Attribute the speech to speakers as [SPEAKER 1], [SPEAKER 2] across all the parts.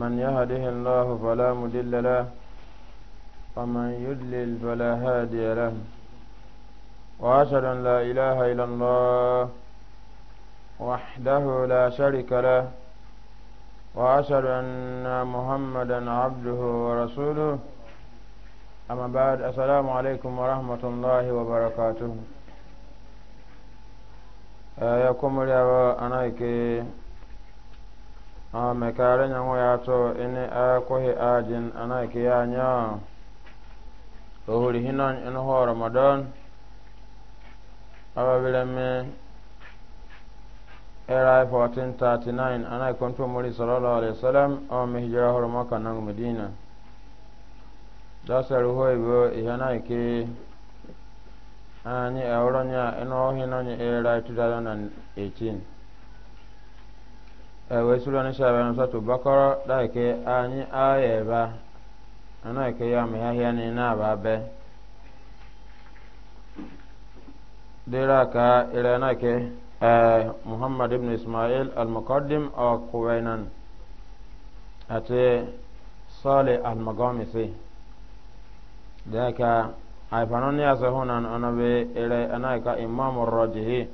[SPEAKER 1] من يهده الله فلا مدل له ومن يدلل فلا هادي له وأشهد أن لا إله إلا الله وحده لا شريك له وأشهد أن محمدا عبده ورسوله أما بعد السلام عليكم ورحمة الله وبركاته آه، يا كومريا أنايكي a mekare nyango ya to ene a kohe ajin ana ke ya nya ohuri hinan en ho ramadan aba bileme era 1439 ana kontu muri sallallahu alaihi wasallam o mi hijra ho maka nang medina dasar ho ibo ihana ke anyi awronya eno hinan era 2018 ewe eh, sulani shabana satu bakara daike anyi ayeba ana ke ya mi hahia ni na ba be dira ka ira na ke eh, muhammad ibn ismail al muqaddim aw kuwainan ate sale al magamisi daika ay fanon ya sahunan ana be ira ana ka imam rajihi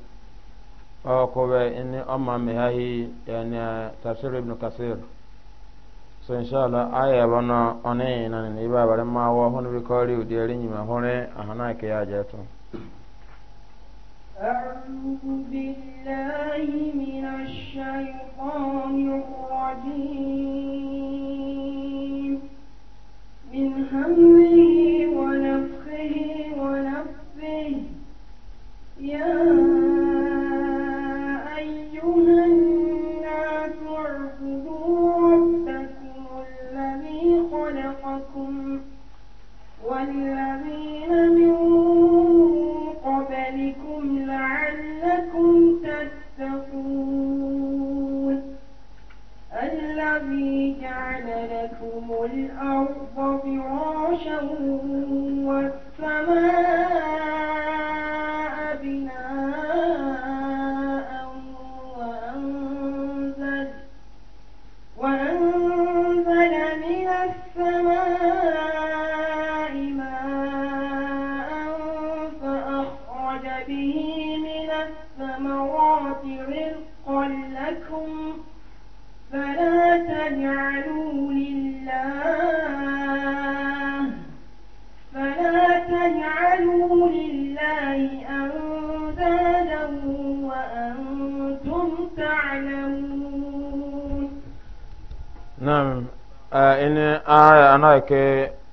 [SPEAKER 1] kobe ini amma mai hahi yana eh, tafsir ibn kasir so insha Allah aya bana one na ne ba bare ma wa ọhụrụ bi ụdị u deri ọhụrụ na ya je ẹtụ
[SPEAKER 2] لكم الأرض فراشا والسماء يعلمون
[SPEAKER 1] نعم إن آية أنا كي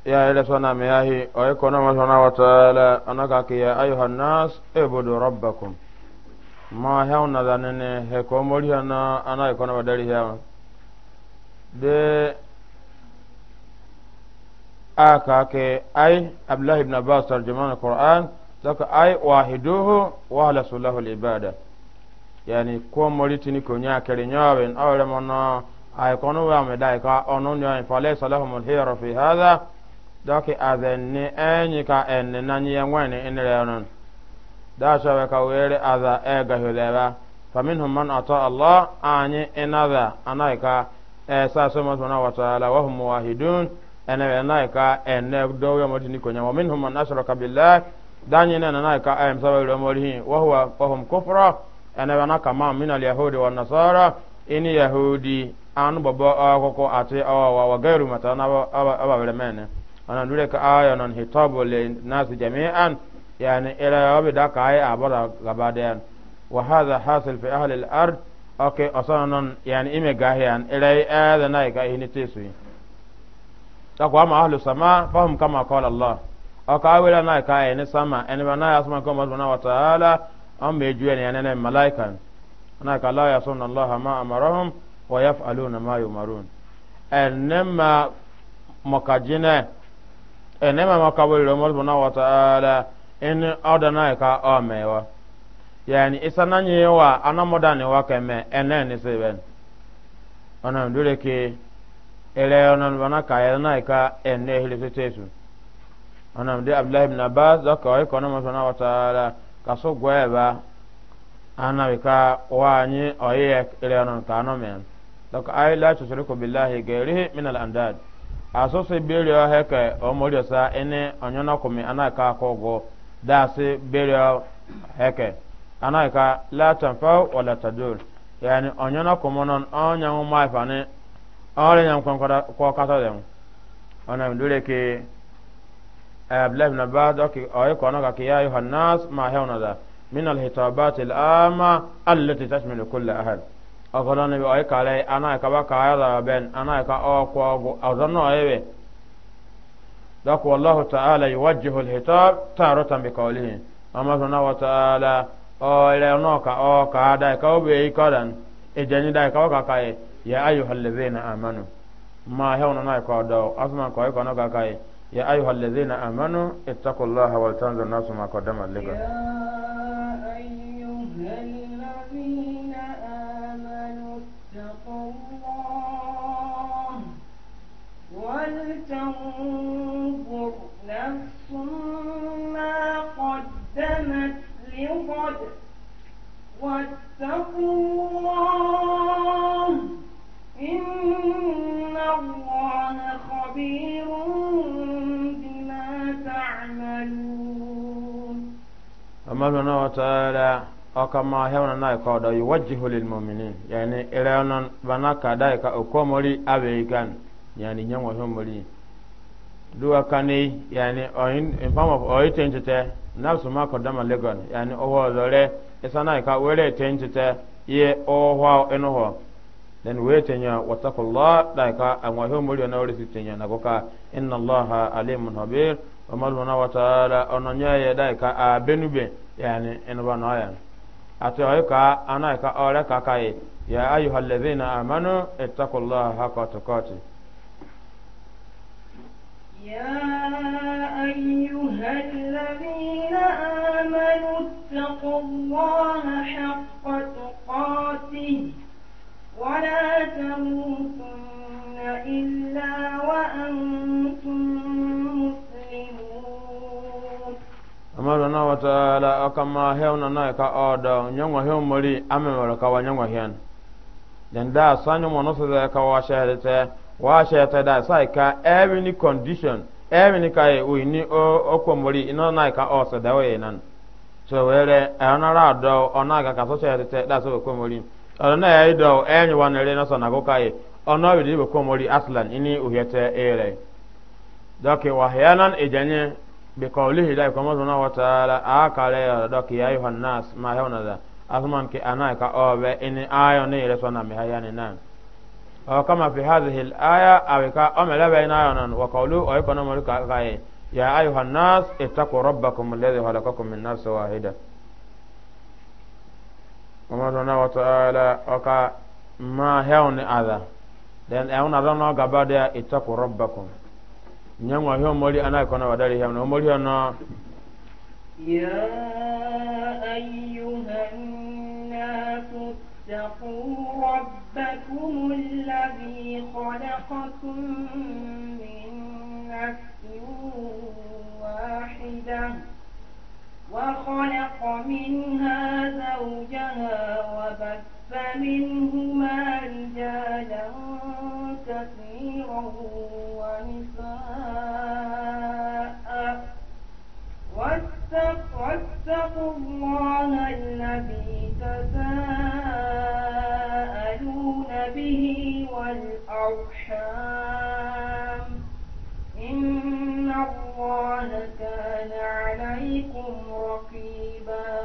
[SPEAKER 1] يا إلى سنة مياهي ويكون ما سنة وتعالى أنا كي يا أيها الناس اعبدوا ربكم ما هون ذنني هكم ولينا أنا يكون بدري هون de aka ke ai abdullahi ibn abbas tarjuman alquran saka ai wahiduhu wa halasu lahu alibada yani ko moritini ko nya kere nyawen awre mono ay kono wa me dai ka ono nya fa le salahum hira fi hada doki azenni enyi ka enne nanyi yenwene inere onon da shawe ka were aza e ga huleba faminhum man ata allah anyi inaza anaika e sa so mo sona wa taala wa hum wahidun ene anaika enne do yo motini ko nya minhum man ashraka billah danyi na anaika ay msabe lo morihin wa huwa wa hum kufra ana wana kama min al wa nasara ini yahudi an baba akoko ate awa wa gairu mata na aba wele mene ana dure ka aya nan hitabu li nasi jami'an yani ila yabi da ka aya abara gaba da wa hadha hasil fi ahli al ard okay nan yani ime gahian ila ya na ka ini tesu takwa ama ahli sama fahum kama qala allah aka awela na ka ene sama ene bana yasma kama na wa ta'ala an bai juya ne yanayin mala'ikan ana ka la ya sunna Allah ma amarahum wa yaf'aluna ma yumarun enema makajine enema makabul romol bana wa ta'ala in odana ka amewa yani isananye wa anamodane wa keme enene seben ana ndure ke ele onan bana ka yana ka enne hilifetesu ana mde abdullah ibn abbas zakawai kona masana wa ta'ala kaso gweba ana ka wani oye irenon kano men dok ay la tushriku billahi gairihi min al andad aso si bere o heke o mori sa kumi ana ka kogo da si bere o heke ana ka la tanfa wala tadur yani onyono na onyan ma onye ore nyan kon dem ke قبل ابن بعد اي قناك يا الناس ما هنا ذا من الهتابات العامه التي تشمل كل اهل اقول انا اي قال انا كبا كايدا بين انا كا اوكو او ظن ايوه ذاك والله تعالى يوجه الخطاب تارة بقوله اما ثنا وتعالى او الى نوكا او كادا كو بي كدان اجني دا كو يا ايها الذين امنوا ما هنا نايكو دو اسمع كو اي قناك كايه يا أيها الذين آمنوا اتقوا الله ولتنظر نفس ما قدمت لكم wa ta'ala akama hewna na ka da yuwajjihu lil mu'minin yani iranan bana ka da ka okomori abegan yani nyanwa homori duwa kani yani oyin in form of oyin tentete nafsu ma kodama legon yani owo lore isana ka were tentete ye owa enoho then we tenya wattaqullah da ka anwa homori na wore tenya na koka inna Allah alimun habir wa maluna wa ta'ala ononya ye da ka abenube yani inba noyan ati oy ka ana ka ore ka kai ya ayyuhal ladhina amanu ittaqullaha haqqa tuqati
[SPEAKER 2] يا أيها الذين آمنوا اتقوا الله حق تقاته ولا تموتن إلا وأنتم
[SPEAKER 1] subhanahu wa ta'ala akama hewna na e ka odo nyangwa hew mori amemara ka wanyangwa hen den da sanyo mono da ka wa shahadete wa shahadete da sai e ka every condition every ka we ni okwa ino na e ka osa da we nan so were do ona ga ka so da so okwa ona ya ido na so na go kai ona di okwa aslan ini uhete ere wa بقوله لا كما سبحانه وتعالى آكل يردك يا أيها الناس ما هون ذا أثمان كي أنا كأوب إن آية نيل سنة مهيان نان أو كما في هذه الآية أو كأمل بين آية وقوله أو كنا ملك يا أيها الناس اتقوا ربكم الذي خلقكم من نفس واحدة وما سبحانه وتعالى أو ما هون هذا لأن أنا رنا قبادة اتقوا ربكم nyangwa hiyo moli anayekona wadari hiyo na moli ana
[SPEAKER 2] ya ayyuhan nasu اتقوا ربكم الذي خلقكم من نفس واحدة وخلق منها زوجها وبث فمنهما رجالا كثيرا ونساء واتقوا الله الذي تساءلون به والأرحام إن الله كان عليكم رقيبا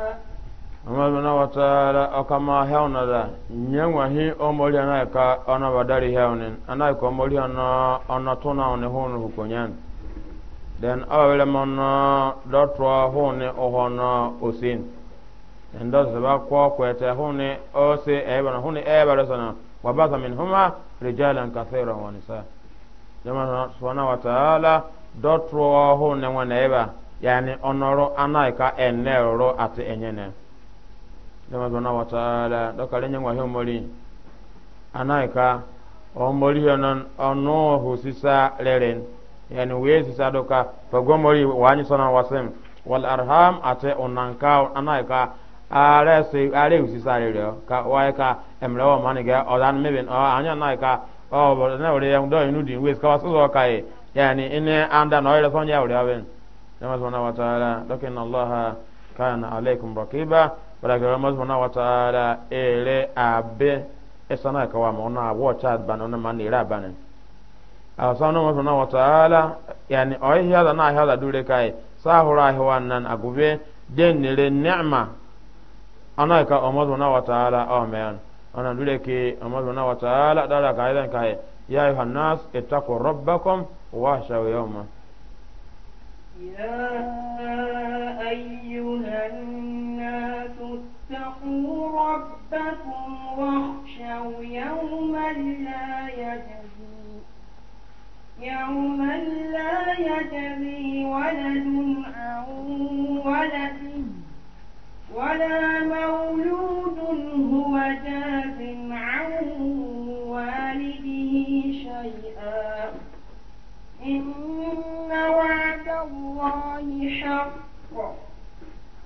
[SPEAKER 1] amaduna wataala akama hewna da nyeŋwahi omoli anai ka ona badari hewnin anai ka omoli ana ona tunawni hunu hukunyen den awawilemona dotwa huni ohono osin den dosaba kwo kwete huni osi ebana huni ebaresana wabasa minhuma rijalan kathiran wanisa jamana subhanahu wataala dotwa huni ŋwaneiba yani onoro anai ka eneroro ati enyene dama zana wa taala da kare nyangwa hiyo mori anaika o hiyo non ono husisa leren yani we sisa doka fago mori wani sana wasem wal arham ate onanka anaika se ka waika emlewa odan o anya naika o balaki rama subhanahu wa ta'ala ere abe esana ka wa mona wa cha bana na man ira bana asana ma subhanahu wa ta'ala yani o hiya da na hiya da dure kai sahura hi wannan agube den ne ni'ma ana ka umar subhanahu wa ta'ala amen ana dure ke umar subhanahu wa ta'ala dala ka idan kai ya ayuhan nas ittaqu rabbakum wa shawu yawma
[SPEAKER 2] يا أيها الناس اتقوا ربكم واخشوا يوما لا يجزي يوما لا يجزي ولا مولود هو جاز عن والده شيئا إن وعد الله حق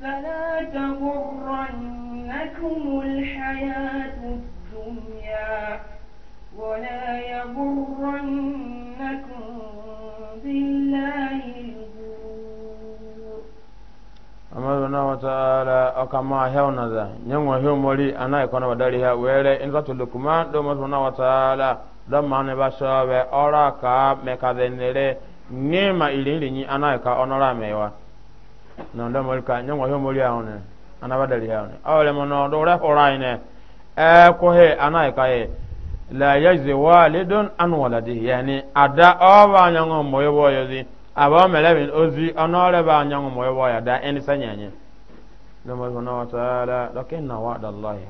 [SPEAKER 2] فلا تغرنكم الحياة الدنيا ولا يغرنكم بالله
[SPEAKER 1] amazona wataala akama hewnaza nyangwa hiyo mori anaye kona wadali ha wele inzatu lukman do mazona wataala don mane ba be ora ka me ka denere ma ilili ni ana ka onora mewa na ndo mol ka nyangwa yo moli aone ana badali aone awle mono do ra ora ine e ko he ana ka e la yajzi walidun an waladi yani ada o ba di aba ozi onore ba da sanyanye wa lakinna wa'dallahi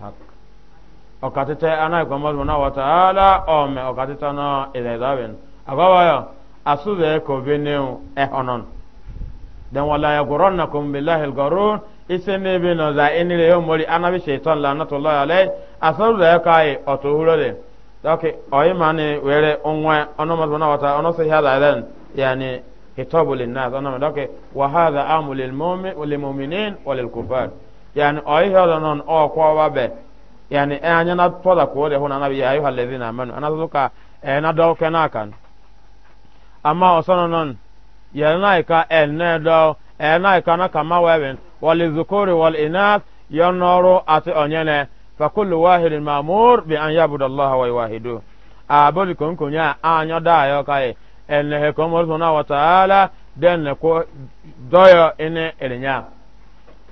[SPEAKER 1] ọkatịta anaghị kwamọdụ na wataala ome ọkatịta na ilẹ̀dáwìn ababayọ asụzọ ekobe new ehonon dan wala ya gọrọ na kumbilahi gọrọ ise n'ebe na za enire ya mori anabi shaitan la anatọla ya lai asụzọ ya kayi ọtọ huro de dọkị ọyị ma ni were onwe ọnọmọdụ na wata ọnọsị ha da ren ya ni hitobu linnas ọnọmọdụ dọkị wa ha da amụ lilmominin wa lilkufar ya ni ọyị ha da nọn ọkwa wabe yani e eh, anyana tola ko de hona nabi ayu halazina amanu ana zuka e eh, na do kana kan ama osono non yana ka en eh, ne do e na ka na kama wewen wal zukuri wal inath yanoro ati onyene fa kullu wahidin ma'mur bi an yabuda Allah wa yuwahidu abodi kon konya anyo da ayo kai en ne ko mo sona wa taala den ko doyo ene elenya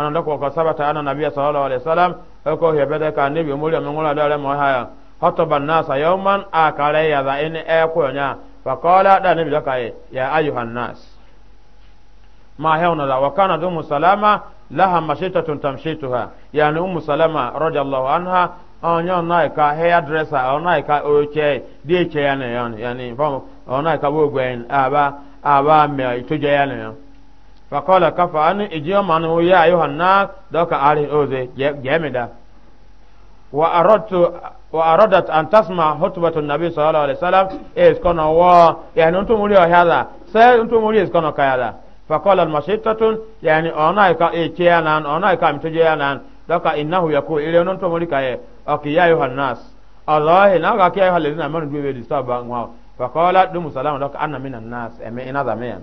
[SPEAKER 1] ana ndako ko sabata ana nabiy sallallahu alaihi wasallam ko he bede ka nabi muri mo ngola dare mo haya hataba nasa yawman akale ya za in e ko nya fa qala da nabi daka ya ayuhan nas ma hawna da wa kana dum salama laha mashitatun tamshituha yani ummu salama radiyallahu anha onye naika hair dresser onaika oche di eche ya ne yani yani fam onaika bo gwen aba aba me itoje ya ne yani fakola kafa anu ijiyo manu ya ayuha nas doka ari oze jemida wa aradtu wa aradat an tasma hutbatu nabi sallallahu alaihi wasallam is kana wa yani untum uri hada sai untum uri is kana kayada fakola mashitatun yani ona ka ekiyanan ona ka mtujayanan doka innahu yakul ile untum uri kaye okay ya ayuha nas Allah na ga kiyaye halin na manu duwe disturb ngwa fakola dum salam doka anna minan nas eme ina zamayan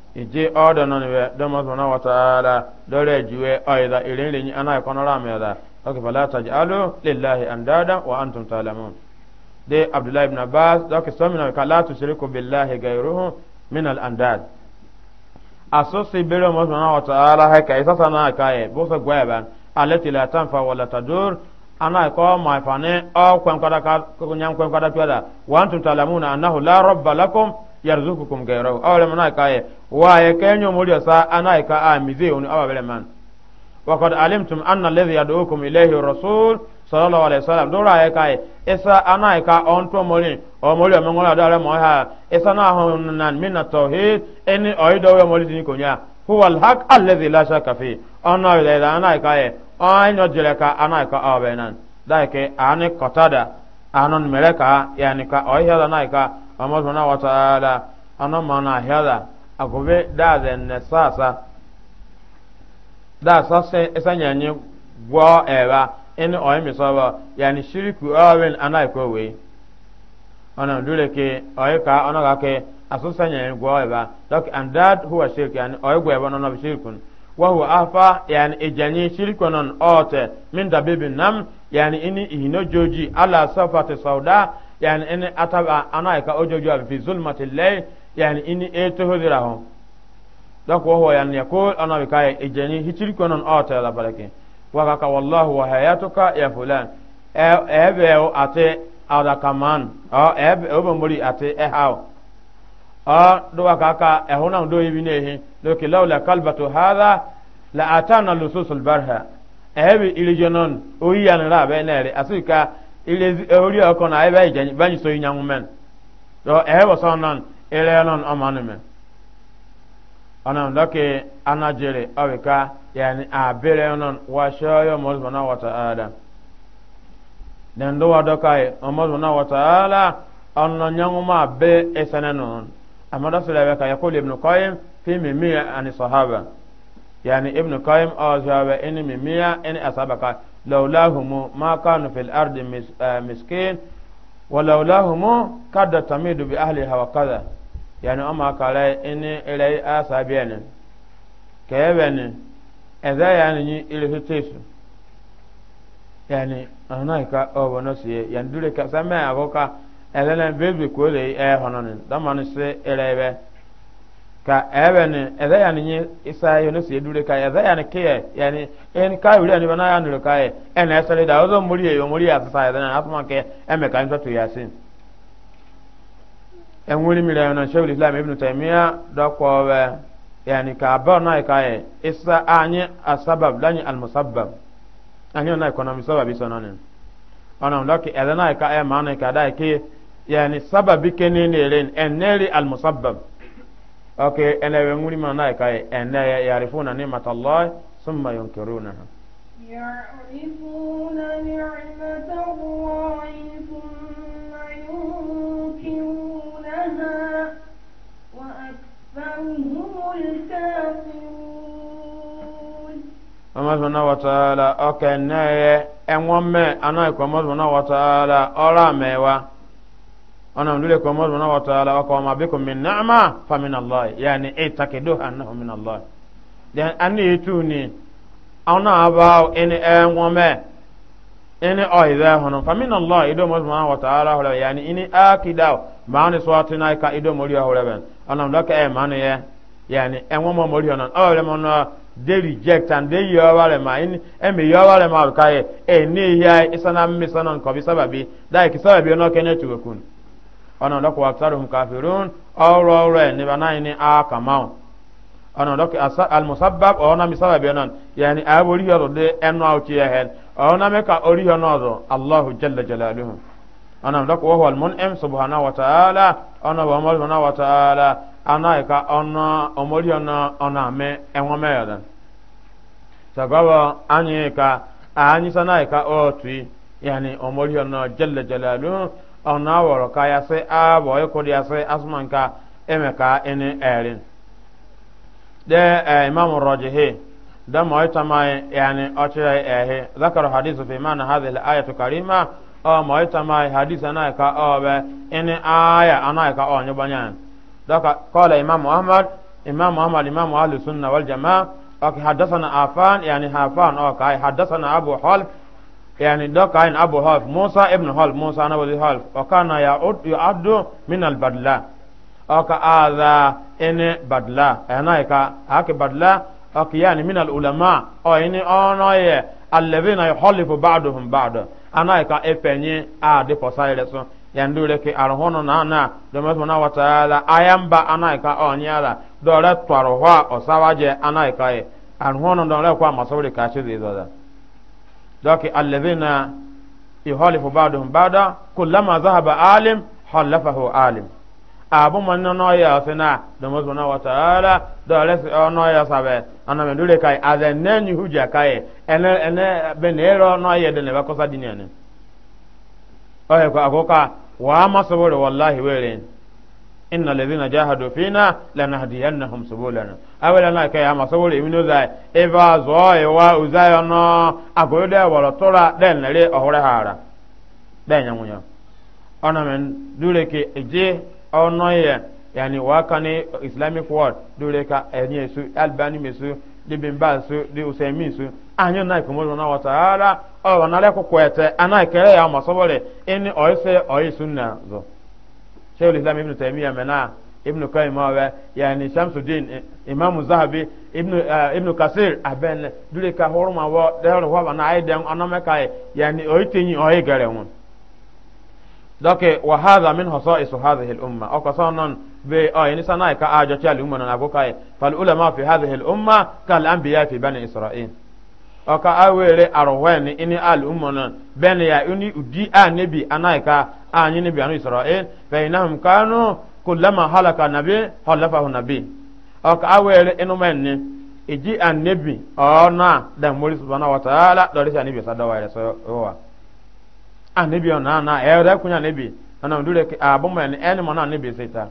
[SPEAKER 1] ije odo non we do mo sona wa taala do re juwe aida irin le ni ana ko nora me da ok fala tajalu lillahi andada wa antum ta'lamun de abdullah ibn abbas do ke so min ka la tushriku billahi ghayruhu min al andad asosi bere mo sona wa taala ha ka isa sana ka e bo so alati la tanfa wa tadur ana ko ma fane o kwen kwada ka nyam kwen wa antum ta'lamuna annahu la rabba lakum yarzukukum gairahu awale mana kaye waye kenyo mulio sa anai ka amize unu awabele man wa qad alimtum anna alladhi yad'ukum ilayhi rasul sallallahu alaihi wasallam dora ye kaye isa anai ka onto moli o moli o mengola dara mo ha isa na honan min tauhid eni oido we moli din konya huwa alhaq alladhi la shakka fi anna ila anai kaye anyo jele ka anai ka awenan dai ke ani kotada anon meleka yani ka oihela nai ka amma subhanahu wata ta'ala ana mana hada gobe da zan na sasa da sasa esanya nye gwa ewa ene oyi mi saba yani shiriku awen ana ko we ana dole ke oyi ka ana ka ke asusa nye gwo ewa dok and that who was shirk yani oyi gwo ewa no no shirkun wa huwa afa yani ejanye shiriku non ote min da bibi nam yani ini ihino ala safati sauda yani ini ataba ana ka ojojo abi fi zulmati lay yani ini e to hodira ho donc wo ho yani yakul ana bi kay ejeni hitil konon o ta la barake wa ka wallahu wa hayatuka ya fulan e e o ate ala kaman o e o be ate e haw o do wa ka e hona do yibi ne he do ki laula kalbatu hadha la atana lususul barha e be ilijonon o yiyan ra be nere asika ilezi e, ori ọkọ na ebe ije banyi so inya so ehe bo son non e, ile non o manu me anajere aweka yani abere non wa shoyo mo zona wa taala den do wadoka e mo zona wa taala anno nyanguma be eseneno amada sulabe ka yakul ibn qayyim fi mimi ani yani ibnu qayyim awzawa ini mimiya ini asabaka laulahumu ma kanu fil ardi mis, uh, miskin wa laulahumu kadda tamidu bi ahliha wa kadha yani ama kala ini ilai asabiyani kebeni eza yani ni ili hutisu yani anaika obono siye yani dule kasama agoka ezelen bebi kule eh hononin damani se ilaibe ka ebene ede ya ni isa yo ne se dure ka ede ya ni ke ya ni en ka wuri bana ya e ni ka e en esere da ozo muri yo muri ya sa ede e e na afuma ke eme ka nto to yasin en wuri mi na shaykhul islam ibn taymiya da ko be ya ni ka ba na ka e isa anyi asbab lani al musabbab anyi na ko na mi sabab isa nanin ona ndo ke ede na ka e ma na ka da ke ya ni sababi ke ne ne ren okay ene we nguri ma na kai ene yarifuna ni'matallahi summa yunkirunaha
[SPEAKER 2] يعرفون نعمة الله ثم ينكرونها وأكثرهم الكافرون
[SPEAKER 1] أما سبحانه وتعالى أوكي نايه أمومي أنا يكون أما سبحانه وتعالى أرامي ana mdule ko mo na wata ala wa qama bikum min ni'ma fa min Allah yani itakidu annahu min Allah dan anni yituni ana aba en enwome en oida hono fa min Allah ido mo na wata ala hola yani ini akida maani swati na ka ido mo riya hola ben ana ndaka e eh, maani ye yani enwomo mo riya non awle mo na they reject and they yawale ma in emi yawale ma kai e eh, ni ya isana mi sana ko bi sababi dai ki sababi no kenya tuwekun ona doko aksaruhum kafirun awro awro ni bana ni a kamau ona doko al musabbab ona misabab yanan yani abori yoro de eno awti yehen ona me ka ori yono zo allah jalla jalaluhu ona doko wa huwal mun'im subhanahu wa ta'ala ona wa mal subhanahu wa ta'ala ana ka ona omori ona ona me enwo me yadan sagaba anyi ka anyi sana ka otwi yani omori ona jalla jalaluhu ona woro ka ya se a bo e ko ya se asman ka eme ka ene erin de e, imam rajihi da ma ita ma yani ochira ehe zakara hadithu fi mana hadhihi al-ayatu karima o ma ita ma hadith ana ka o be ene aya ana ka o nyobanya daka qala imam ahmad imam ahmad imam ahlus sunna wal jamaa ok hadathana afan yani hafan ok hadathana abu half yani doka in abu half musa ibn half musa na wali half o kana ya addu min al badla o ka aza in badla ana ka haki badla o ka yani min al ulama o ini ono ye alladhina yuhallifu ba'dhum ba'd ana ka epenye a de posaire so yani dole ke arhono na na do me na wataala ayamba ana ka onyala dole twaro hwa osawaje ana ka arhono do le kwa masawri ka chizizo دوك الذين يخالف بعضهم بعضا كلما ذهب alim خلفه عالم abu manna na ya sina na mazuna wa ta'ala da lesi no ana dole eh, kai azen ne ni huja kai ene ene benero no ya de ne bakosa dinene oye ko wa wallahi weren إن الذين جاهدوا فينا لنهدينهم سبلنا أولا لا كي أما سبول إمنو زاي إفا زوي وزاي أنا أقول ده ولا ترى دين لي أهوري هارا دين يمونيا أنا من دولك إجي أو نوية يعني واكني إسلاميك وورد دولك أني سو ألباني مسو دي بمبال سو دي أسيمين سو anyo na ikomo na wataala o na le ko kwete ana ikere ya masobole ini شيخ الاسلام ابن تيميه منا ابن قيم يعني شمس الدين امام الذهبي ابن آه، ابن كثير ابن دوري كهور ما هو ده هو وانا عيد انا ما كاي يعني اويتني اوي غيرهم دوك وهذا من خصائص هذه الامه او كسان بي اه يعني سناي كاجا تشال امنا ابو كاي فالعلماء في هذه الامه كالانبياء في بني اسرائيل ọka awere arụwen ini al umana ben ya ini udi a nebi anaika anyi nebi anu israel fa inahum kanu kullama halaka nabi halafahu nabi ọka awere inumen ni iji an nebi ọna da mori subhanahu wa ta'ala dori sa nebi sadawa ya so wa an nebi ona na e da kunya nebi ana dure ki abumen eni mona nebi sita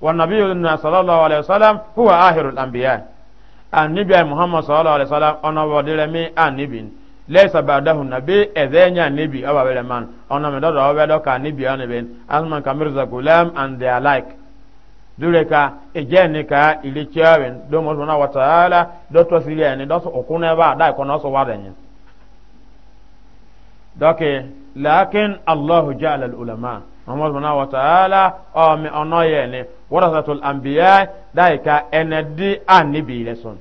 [SPEAKER 1] wa nabiyyu sallallahu alaihi wasallam huwa ahirul anbiya' anibi muhammad sallallahu alaihi wasallam ona wodire mi anibi laysa ba'dahu nabi edenya nabi awabele man ona me dodo obedo ka anibi anibi asman kamirza gulam and they are like dureka ejeni ka ile chawen do mo na wa taala do to sili ani do so okuna ba da ko no so wadenye doke lakin Allahu ja'ala al ulama muhammadu mana wa ta'ala o mi ono ye ne warasatul anbiya dai ka enedi annabi le sun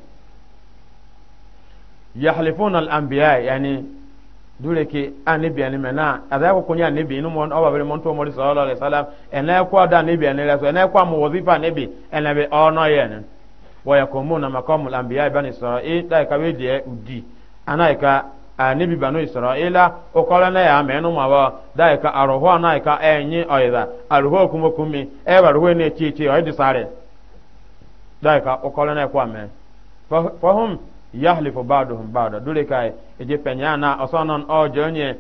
[SPEAKER 1] yahlifuna al anbiya yani dure ke annabi ani mena ada ko kunya annabi no mon oba bere mon to mori sallallahu alaihi wasallam ene ko da annabi ani le so ene ko mu wazifa annabi ene be ono ye ne wa yakumuna maqamul anbiya bani isra'il dai ka we die udi anaika anibi banu ila okola na ya menu mawa dai ka aruho na ka enyi oida aruho kuma kumi e baruho ne chichi oidi sare dai ka okola na kwa men fahum yahlifu ba'dhum ba'da dole kai eje penyana osonon ojonye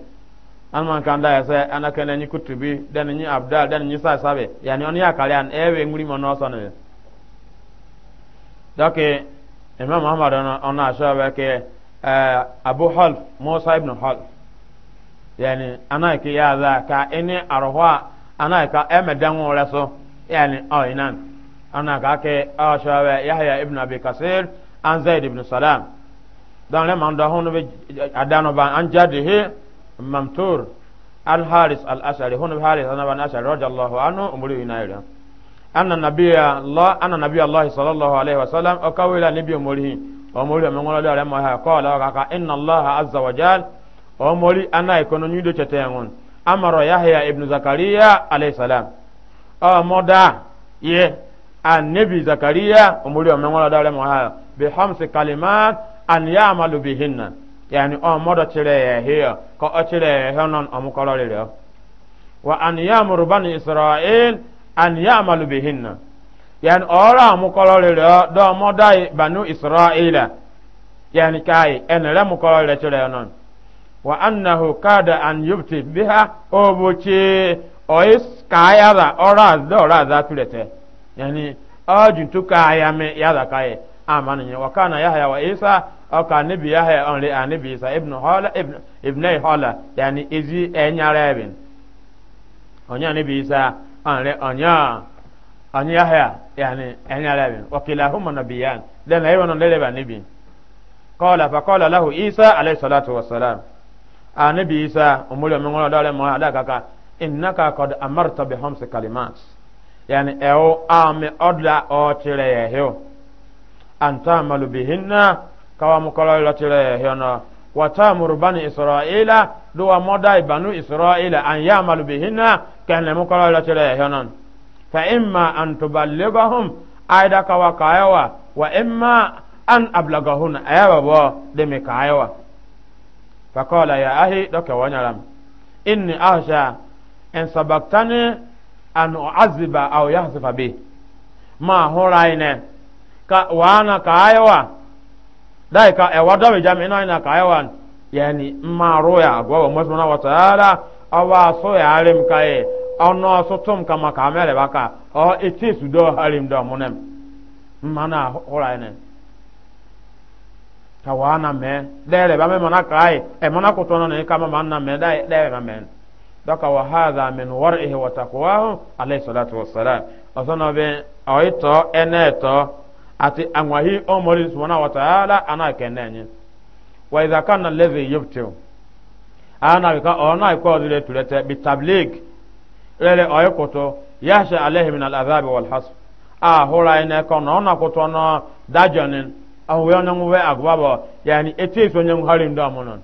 [SPEAKER 1] an man kan da ya sai ana kana ni kutubi dan ni abdal dan ni sa sabe yani on ya kale an ewe nguri mono sono dake imam ahmad ona ashabe ke Uh, abu hal musa ibn hal yani ana ke ya za ka ini arwa ana ka emedan wala so yani o oh, inan ana ka ke ashawa oh, yahya ibn abi kasir an zaid ibn salam dan le man da hono be adano ban an jadihi mamtur al haris al asari hono be haris ana ban asari radiyallahu anhu umuri inayra anna nabiyya allah anna nabiyya allah sallallahu alaihi wasallam o kawila murihi omori ome ngolo dare mo ha ko la ka ka inna allah azza wa jal omori ana ikono nyu do chete ngon amara yahya ibn zakariya alayhi salam amoda ye annabi zakariya omori ome ngolo dare mo bi hamsi kalimat an ya'malu bihinna yani omodo chire ya hiyo ko ochire honon omukoro rere wa an ya'muru bani isra'il an ya'malu bihinna yani ora mukolole do do modai banu israila yani kai enere mukolole chere non wa annahu kada an yubti biha obuchi ois kaya yani me ya kai ne wa kana ya wa isa ka nabi yahya onli anabi isa ibnu hala ibn yani izi enyare bin onya nabi isa ya ya. yani enyalabin wakilahuma nabiyan dana yiwa non lele ba nibi qala fa qala lahu isa alayhi salatu wassalam anabi isa umuli min ngola dole mo ala kaka innaka qad amarta bi hamsi kalimat yani ewo ame odla o tire yehyo anta amalu bihinna kawa mukolo lo tire yehyo no wa tamuru bani israila duwa moda ibanu israila an ya'malu bihinna kana mukolo lo tire yehyo non fa imma an tuballighahum aida kawa kayawa wa imma an ablagahuna ayawa bo de me kayawa fa qala ya ahi doka wanyaram inni ahsha in sabaktani an u'aziba aw yahsifa bi ma horaine ka wana kayawa dai ka ewada be jamina ina kayawa yani ma roya gwa wa musmana wa ta'ala awa so ya alim kaye ono sotum kama kamere baka o iti sudo harim do munem na hora ene tawana mee dere ba me mana kai e, e mana kutono na kama manna me mee dere ba mee doka wa hadha min war'ihi wa taqwahu alayhi salatu na osono be oito eneto ati anwahi omori subhanahu wa ta'ala ana kenenye wa idha kana ana ka ona lele oye koto yahsha alayhi min al-adhab wal hasb a ah, hora ina ko no na koto no dajonin ahuwe no ngwe agbabo yani eti so nyen hari ndo amonon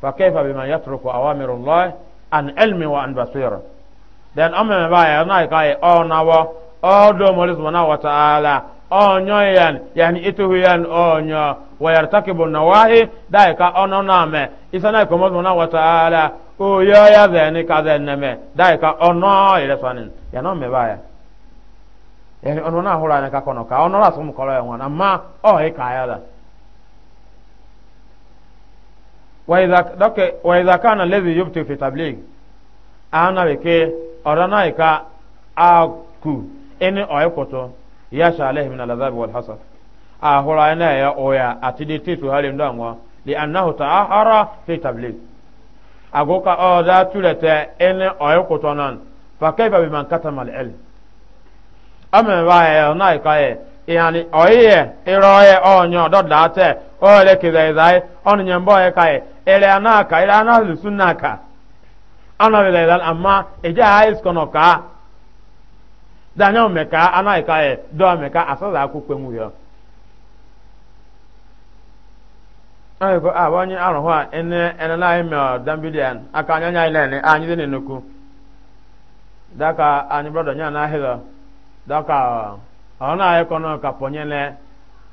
[SPEAKER 1] fa kayfa bima yatruku awamir allah an ilmi wa an basira then amma ba ya na ka o nawo o do mo subhanahu wa ta'ala onyo yan yani ituhu yan onyo wa yartakibu nawahi daika ono name isana ko mo subhanahu wa ta'ala ko ya ya zani ka zani na dai ka ono ile swanin ya no me baya yani ono na hura na ka kono ka ono la sumu kolo ya wana ma o e ka ya wa idha kana lezi yubti fi tabligh ana weke orana ka aku eni o e koto ya sha alaihi min al'adhab wal hasad a hura na ya oya atidi titu halin danwa li annahu ta'ahara fi tabligh agoka oda oh, tulete ene oyo kutonan fakaifa biman katama alilm ame baye onai kaye yani oye iroye onyo dodate ole kizaizai onye mboye kaye ele anaka ele anali sunaka ana bile dal amma eja hais kono ka danyo meka anai kaye do meka asaza anyị bụ abụ anyị arụhụ a ene enele anyị mere dambili ya aka anyị anya anyị lene eh, anyị dị n'enukwu dịka anyị brọdọ nya na ahịrị daka ọ ah, na anyị kọnọ ka pọnye ne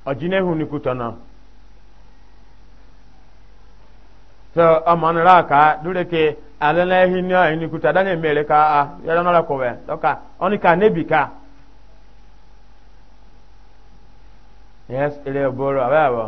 [SPEAKER 1] ọjị n'ehu n'ikwu tọnọ so ọmọ nira aka dureke alele ehi ni ọyị n'ikwu tọ adanye mere ka a yọrọ n'ọrọ kọwe dọka ọnị ka nebi ka yes ere oboro abịa abụọ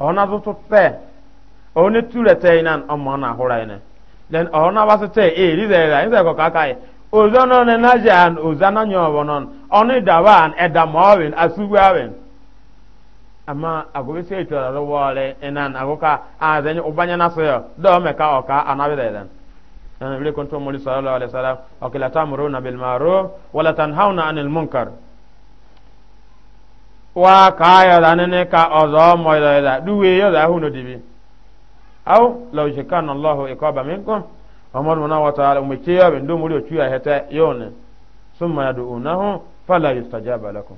[SPEAKER 1] ona zutu te te inan na hura ine then ona wasu te e rize ra inze ko kakai ozo no ne na jan ozo na nyo oni eda mawin awen agobe se to wale inan agoka a ubanya na so do me ka oka anabe den bile moli sallallahu alaihi wasallam tamuruna bil ma'ruf wala tanhauna anil munkar wa ka na anene ka ọzọ mọ yọrọ yọrọ duwe yọrọ ahụ n'odibi aw law shakana allah ikaba minkum amadu mana wa ta'ala umma ke yabe ndo muri ochu ya heta yone summa yad'unahu fala yustajaba lakum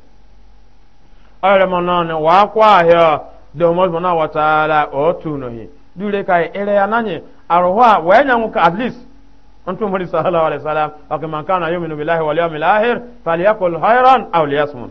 [SPEAKER 1] ayre monone wa kwa ahia do amadu mana wa ta'ala otu nohi dure kai ere yananye aruwa wa yanwu ka at least antum muri sallallahu alaihi wasallam akiman yuminu billahi wal yawmil akhir falyakul khairan aw liyasmut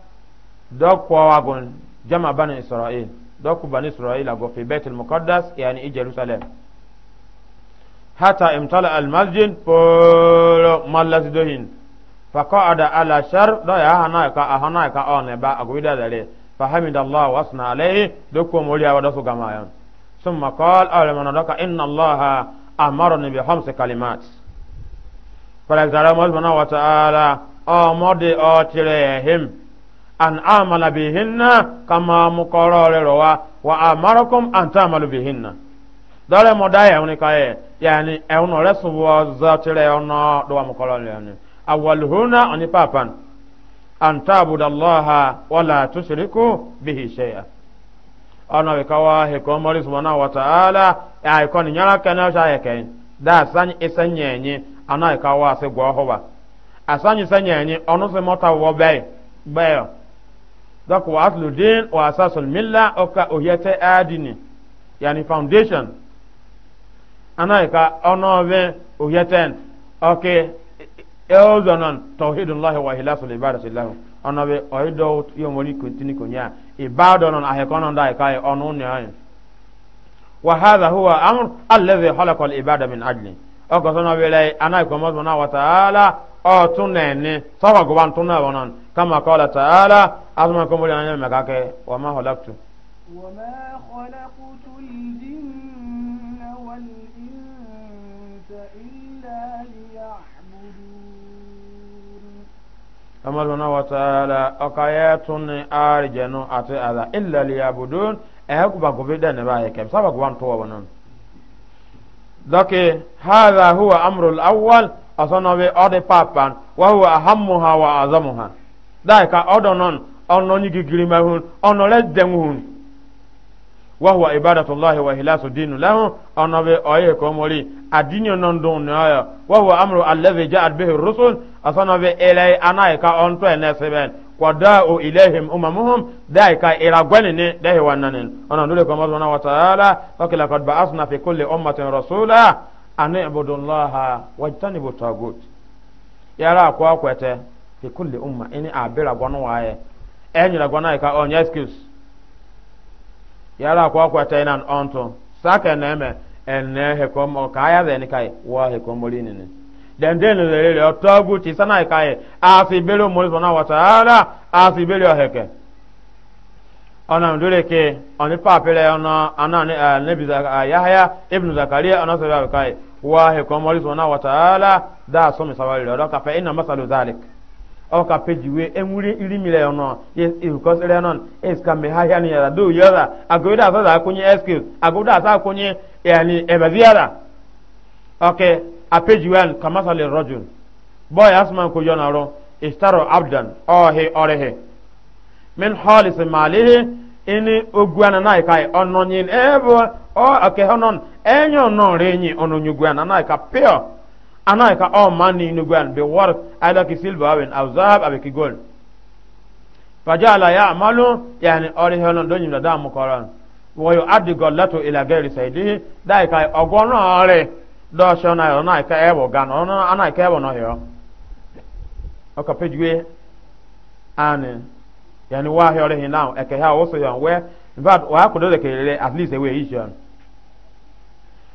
[SPEAKER 1] dɔkɔwa gon jama bani israel dɔku bani israel ago fi baitul muqaddas yani i jerusalem hata imtala al masjid polo mallasi dohin fa qa'ada ala shar do ya hana ka ahana ka on ba ago ida dare fa hamidallahu wasna alayhi dɔku moli awa dɔsu gama yan summa qala awla man dɔka inna allaha amarani bi khamsi kalimat fa la zara mawlana wa ta'ala o modi o tire him an amala bihinna kama mukoro rero wa wa amarakum an ta'malu bihinna dole mo daya woni kaye yani e uno resuwa zatire ono do wa mukorore yani awwal huna ani papan an ta'budu allaha wala tushriku bihi shay'a ana we kawa he ko mari subhanahu wa ta'ala ay kon nyara kana sha yake da san isanyenye ana kawa se gwo hoba asanyi sanyenye onu se mota wo be be donc wa aslu din wa asasul milla oka ohiyete adini yani foundation ana ka onobe ohiyeten oke e, eozonon tawhidullahi wa ihlasul ibadatillah onobe oido yomori kontini konya ibadonon ahekonon dai kai onunne ayin wa hadha huwa amr alladhi khalaqa al ibada min ajli oka sono bele ana ko mosona wa taala o tunene sawa goban tunawonon كما قال تعالى أزما كم بلان مكاك وما
[SPEAKER 2] خلقت وما خلقت الجن والإنس إلا ليعبدون
[SPEAKER 1] كما سبحانه وتعالى أكايات آرجن أتي إلا ليعبدون أهكو بانكو في دين بايكم سبق وانتوا ونون ذكي هذا هو أمر الأول أصنع بأرض بابان وهو أهمها وأعظمها daika odonon onno nyigi girimahun onno leddengun wahwa ibadatullahi wa hilasu dinu lahu onno be oye ko mori adinyo non don naya wahwa amru allazi ja'at bihi ar-rusul asana be ilay anaika onto eneseben wada'u ilayhim umamuhum daika ila gwenene dahi wananen onno dole ko mori wa ta'ala fakila qad ba'athna fi kulli ummatin rasula an i'budu tagut yara kwete. fi kulli umma ini abira gwanu waye la gwana ka onye excuse yara kwa kwa tainan onto saka na eme enne he ko mo ka ya de kai wa he ko mori ni den den le le otogu ti sana kai a fi belo mo zona wa taala a fi belo heke ona ndure ke oni pa pele ona ana ne nabi yahya ibn zakariya ona sababu kai wa he ko mori zona wa taala da so mi sawali ro ka fa inna masalu zalik ọka pejiwe enwuri iri mile ọnọ irukọsịrị ọnụ iska e, e, e, mgbe ha na yara do yara agụda asa da akwụnye eskil agụda asa akwụnye ebezi kamasali bọy asụman kojo na ọrụ istaro abdan ọhị ọrịhị min ọnọ ọ ọnọ ka ana ka o man ni nu gwan be war ala ki silba awen aw zahab abe ki gold fajala ya'malu yani ori hono do nyimda da mu koran wo yo addi gollato ila gairi saydihi dai kai ogono ore do shona yo na ka ebo gan ono ana ka ebo no yo o ka pejwe ane yani wa he ore e ke ha wo yo we but wa ko do de ke at least e we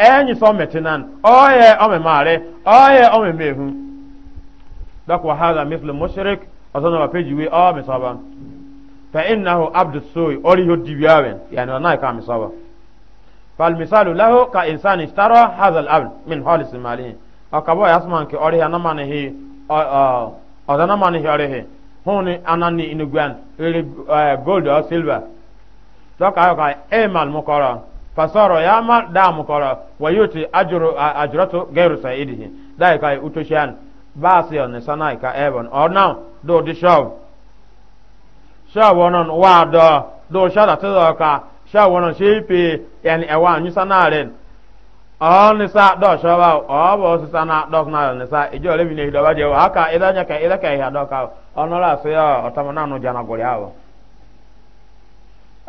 [SPEAKER 1] enyi so metinan oye ome mare oye ome mehu dak wa hadha mithlu mushrik asana wa peji we o misaba fa innahu abdu suy ori ho dibiawen yani onai ka misaba fal misalu lahu ka insani ishtara hadha al abd min halis malihi akabo yasman ke ori anamane hi ọdanamane hi ori hi huni anani inugwan eh, gold or silver dọka ayọ ka emal mukọrọ fasoro ya ma da mu wayuti ajuru ajratu gairu idihi dai kai utoshan ba on sana ka ọ or oh, now do the show show wonon wa do do shada to ka show wonon shipi yani ewa nyu sana on oh, sa do show o oh, bo sana do na sa ijo le bi do ba wa ka ka ya do ka so ya otamana no jana gori awo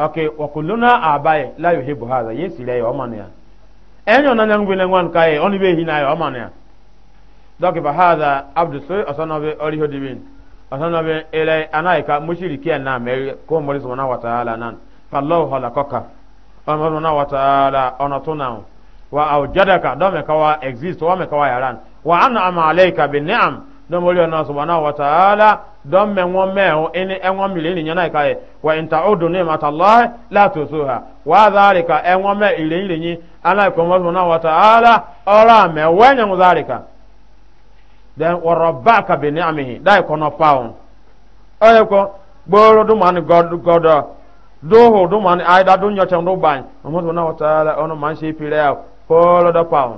[SPEAKER 1] okay wakuluna abaye la yuhibbu hadha yesi le omane ya enyo na nyangu ne ngwan kai oni be hina ya omane ya doki fa hadha abdu su asana be ori hodibin asana be ele anaika mushriki na me ko mori subhanahu wa ta'ala nan fallahu halakaka amma subhanahu wa ta'ala ona tuna wa aujadaka do me kawa exist wa me kawa yaran wa an'ama alayka bin ni'am domoli ona subhanahu wa ta'ala dom me na me o ini engom mili wa la me ili ili ni ana ko mo subhanahu wa ta'ala ora me wenya ngudhalika then wa rabbaka bi ni'amihi dai ko no paon ayo ko gboro do man god doho do man aida do nyotem do ban mo subhanahu wa ta'ala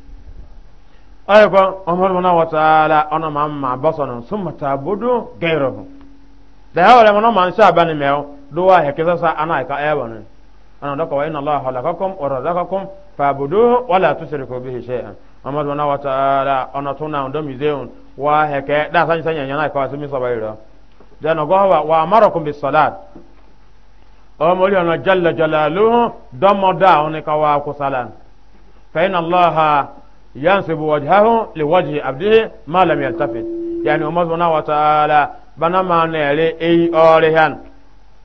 [SPEAKER 1] ayi ko ɔmɔdu mana wa taala ɔna ma ma basɔnɔ suma taa bodo gɛrɛhu da yawo lɛ mana ma n sa bani mɛw do wa hɛ kisa sa ana ka ɛyɛ wani ana dɔ ka wa ina allah halakakum wa razakakum fa bodo wala tusriku bihi shay'an ɔmɔdu mana wa taala ɔna tuna ndo mizeun wa hɛ kɛ da san san yanyana ka wasu mi saba yira da na gɔhwa wa amarakum bis salat ɔmɔdu yana jalla jalaluhu dɔmɔ da ɔni ka wa kusalan fa ina allah yansibu wajhahu liwajhi abdihi ma lam yaltafit yani umar subhanahu wa ta'ala bana ma nere ei orehan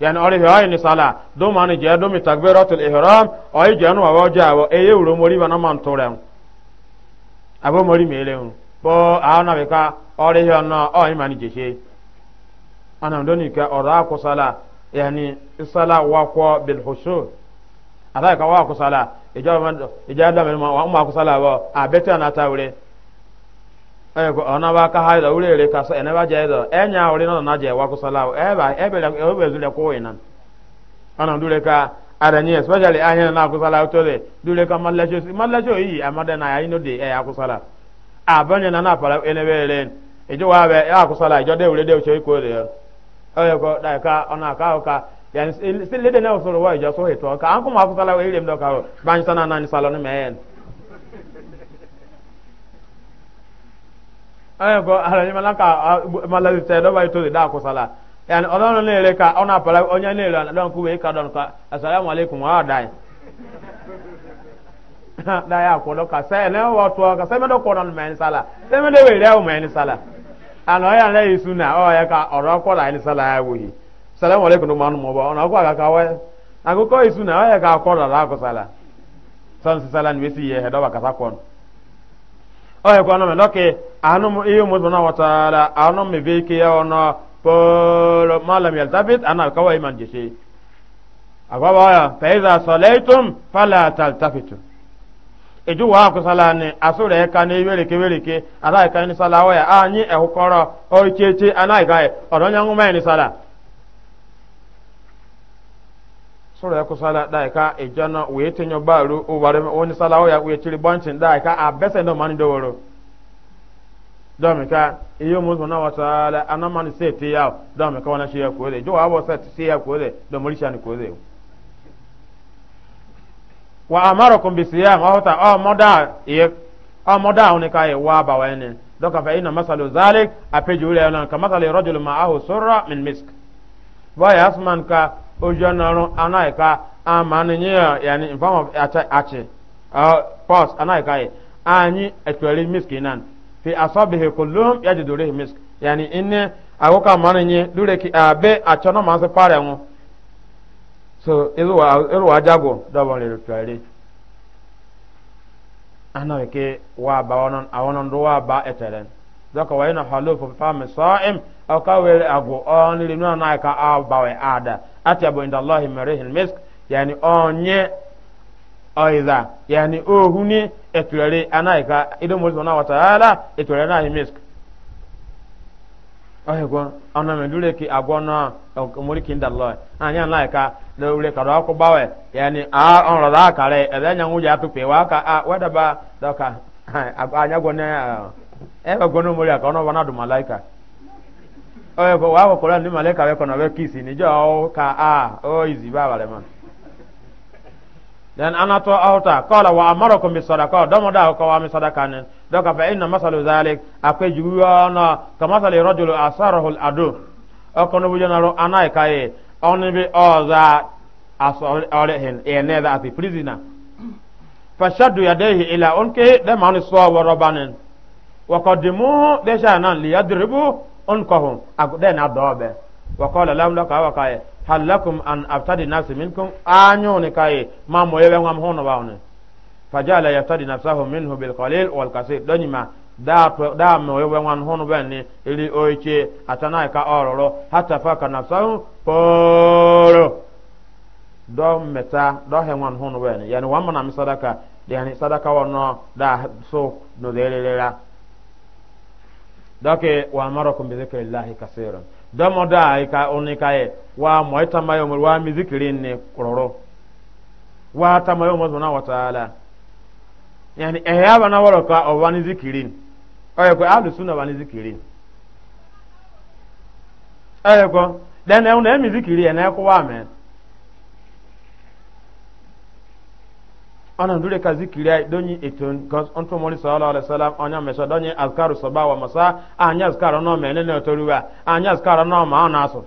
[SPEAKER 1] yani ore he ni sala do ma ni je do mi takbiratul ihram oyi je nu wa jawo eye mori bana ma ntorem abo mori ana be ka ona ma ni jeje ana ndo ni ka ora ko sala yani sala wa ko bil khushu' ada ka wa kusala ijo man ijo da men ma wa kusala wa abeta na tawre e ko ona ba ka haida ure re ka so ene ba je do enya ure no na je wa kusala e ba e be e be zule ko ina ana dure ka adanyi especially anya na kusala to de dure ka mallajo mallajo yi amada na ya ino de e ya kusala abanye na na para ene be re ijo wa be ya kusala ijo de ure de o che ko de e ko da ka ona ka ka yani sin lede na osoro wa ja so heto ka an kuma kusala wa ilem do ka ban sana na ni salon men ayo go ala ni malaka malazi te do ba to da kusala yani olorun le re ka ona pala onya le re don ku we ka don ka assalamu alaikum wa dai da ya ko do ka se ne wa to ka se me do ko don men sala se me do we re o men sala ano ya le isuna o ya ka oro ko la ni sala ya wo yi salamu alaikum ma nu mo ba ona ko aga kawe ago isu na aya ka ko la ko sala san si sala ni wesi ye he do ba kasa kon o he ko no anu mu iyo mo na wataala anu me be ke ya ona polo malam yaltabit ana kawe man jese agwa ba ya fa iza salaitum fala taltafitu eju wa ko sala ni asure ka ni were ke were ke ala ka ni sala wa ya anyi ehukoro o cheche ana ga e odo nyangu mai sala sura ko sala dai ka e jana we tenyo baru o bare woni sala o ya we chiri bonchin dai ka abese no mani do woro do me ka iyo mo zona wa sala ana mani seti ya do me ka wana shi ya ko de jo abo set si ya ko de do mo lisha ni ko de wa amarakum bi siyam wa hota o moda ye o moda oni ka e wa ba wa ne do ka fa ina masalu zalik apeju ule na ka masalu rajul ma'ahu surra min misk wa yasman ka ojonaro anaika amani ya yani in form of achi uh, pos anaika yi anyi etuori-misk inan fi asabihi kullum yajidu rihi misk yani inne agoka mani nye lure ki abe achono manse pare ngu so ilu ilu ajago dabo le etwari ana ke wa aba wonon awonon do wa aba eteren zaka wɔyɛ na hɔlo fɔfɔ mi sɔɔ im ɔka were ago ɔn lili nua na ka ada atyabu inda allahi marihil misk yani onye oiza yani etulere anaika etulere na misk ohe gwo ona me dure ki agona omori ki inda allah anya naika do ure ka ro bawe yani a on ro da kare e da nyanwu ja tupe ya a weda ba doka anya gwo ne e no ka ono du malaika oye ko oh, ah, oh, ah, ah, wa ko ran ni male ka ko no be kisi ni jo ka a o izi ba bare man dan ana to auta qala wa amarakum bis sadaqa do mo da ko wa mi sadaqa ne do ka fa inna masalu zalik akwe juwa na ka masali rajulu asarahu al adu o ko no bujana ro ana ka e oni bi oza asore ore hen e ne da ati prisoner fa shaddu de ila unki da ma ni so wa robanin wa qaddimuhu desha nan li yadribu unkahum agden adobe wa qala lam la ka halakum ka hal lakum an abtadi nafsi minkum anyone kai mamo yewe ngam hono bawne fajala yabtadi nafsahu minhu bil qalil wal kaseer donima da da mo yewe ngam hono benne ili oiche atana ka ororo hatta faka nafsahu poro do meta do he ngam hono benne yani wamma na misadaka yani sadaka wono da so no delelera dake wa amarakum bi dhikrillahi kaseeran damo dai ka onika ye wa moita mayo wa mi zikirin ne kororo wa ta mayo mo na wa taala yani e ya bana woro ka o wani zikirin o ko ahlu sunna wani zikirin ayo ko dene un e mi zikiri e na ko wa men ana ndure ka zikiri donyi etun cause onto mori sallallahu alaihi wasallam anya mesa donyi azkaru wa masa anya azkaru no mene ne otoruwa anya azkaru no ma ona aso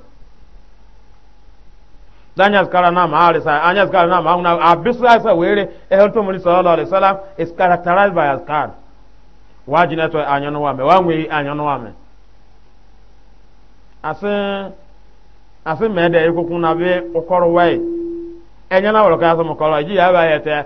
[SPEAKER 1] danya na ma arisa anya azkaru na ma una abisa asa were onto mori sallallahu alaihi wasallam is characterized by azkar to anya no wa me anya no wa me me na be okoro wai enya na woro ka aso ji ya ba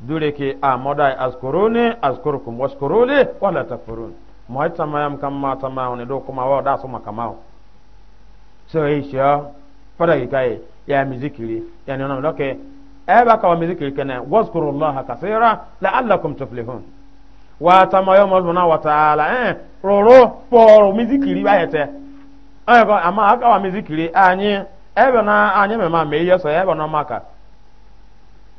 [SPEAKER 1] dure ke a modai askuruni askurkum waskuruli wala takfurun moy tamayam kam ma tamaw ne do kuma wa da so makamaw so e sha fara ki kai ya mi zikiri yani ona loke e ba ka mi zikiri kana waskurullaha kaseera la'allakum tuflihun wa tamayam Allah wa ta'ala eh roro poro mi zikiri ba yete ay ko ama aka wa mi zikiri anyi ebe na anyi me ma me yeso ba na maka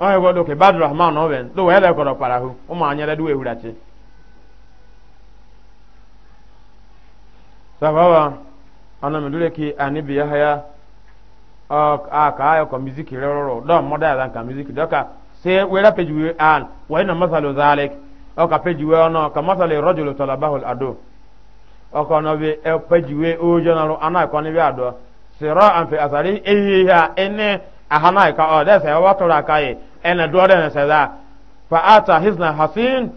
[SPEAKER 1] oye wo doke bad rahman oven do wele koro parahu umu anyere duwe hurachi sabawa ana medule ki anibi yahaya a ka ayo ko miziki roro do moda dan ka miziki do ka se wera peji we an wa ina masalu zalik o ka peji we ono ka masalu rajulu talabahu al adu o ka no be peji we o jonaru ana ko ni be ado sira an fi asari ehiha ene ahana ka ọ oh, dẹsẹ ọ watura ka yi eh. ẹna dọọ dẹ nẹsẹ da fa ata hisna hasin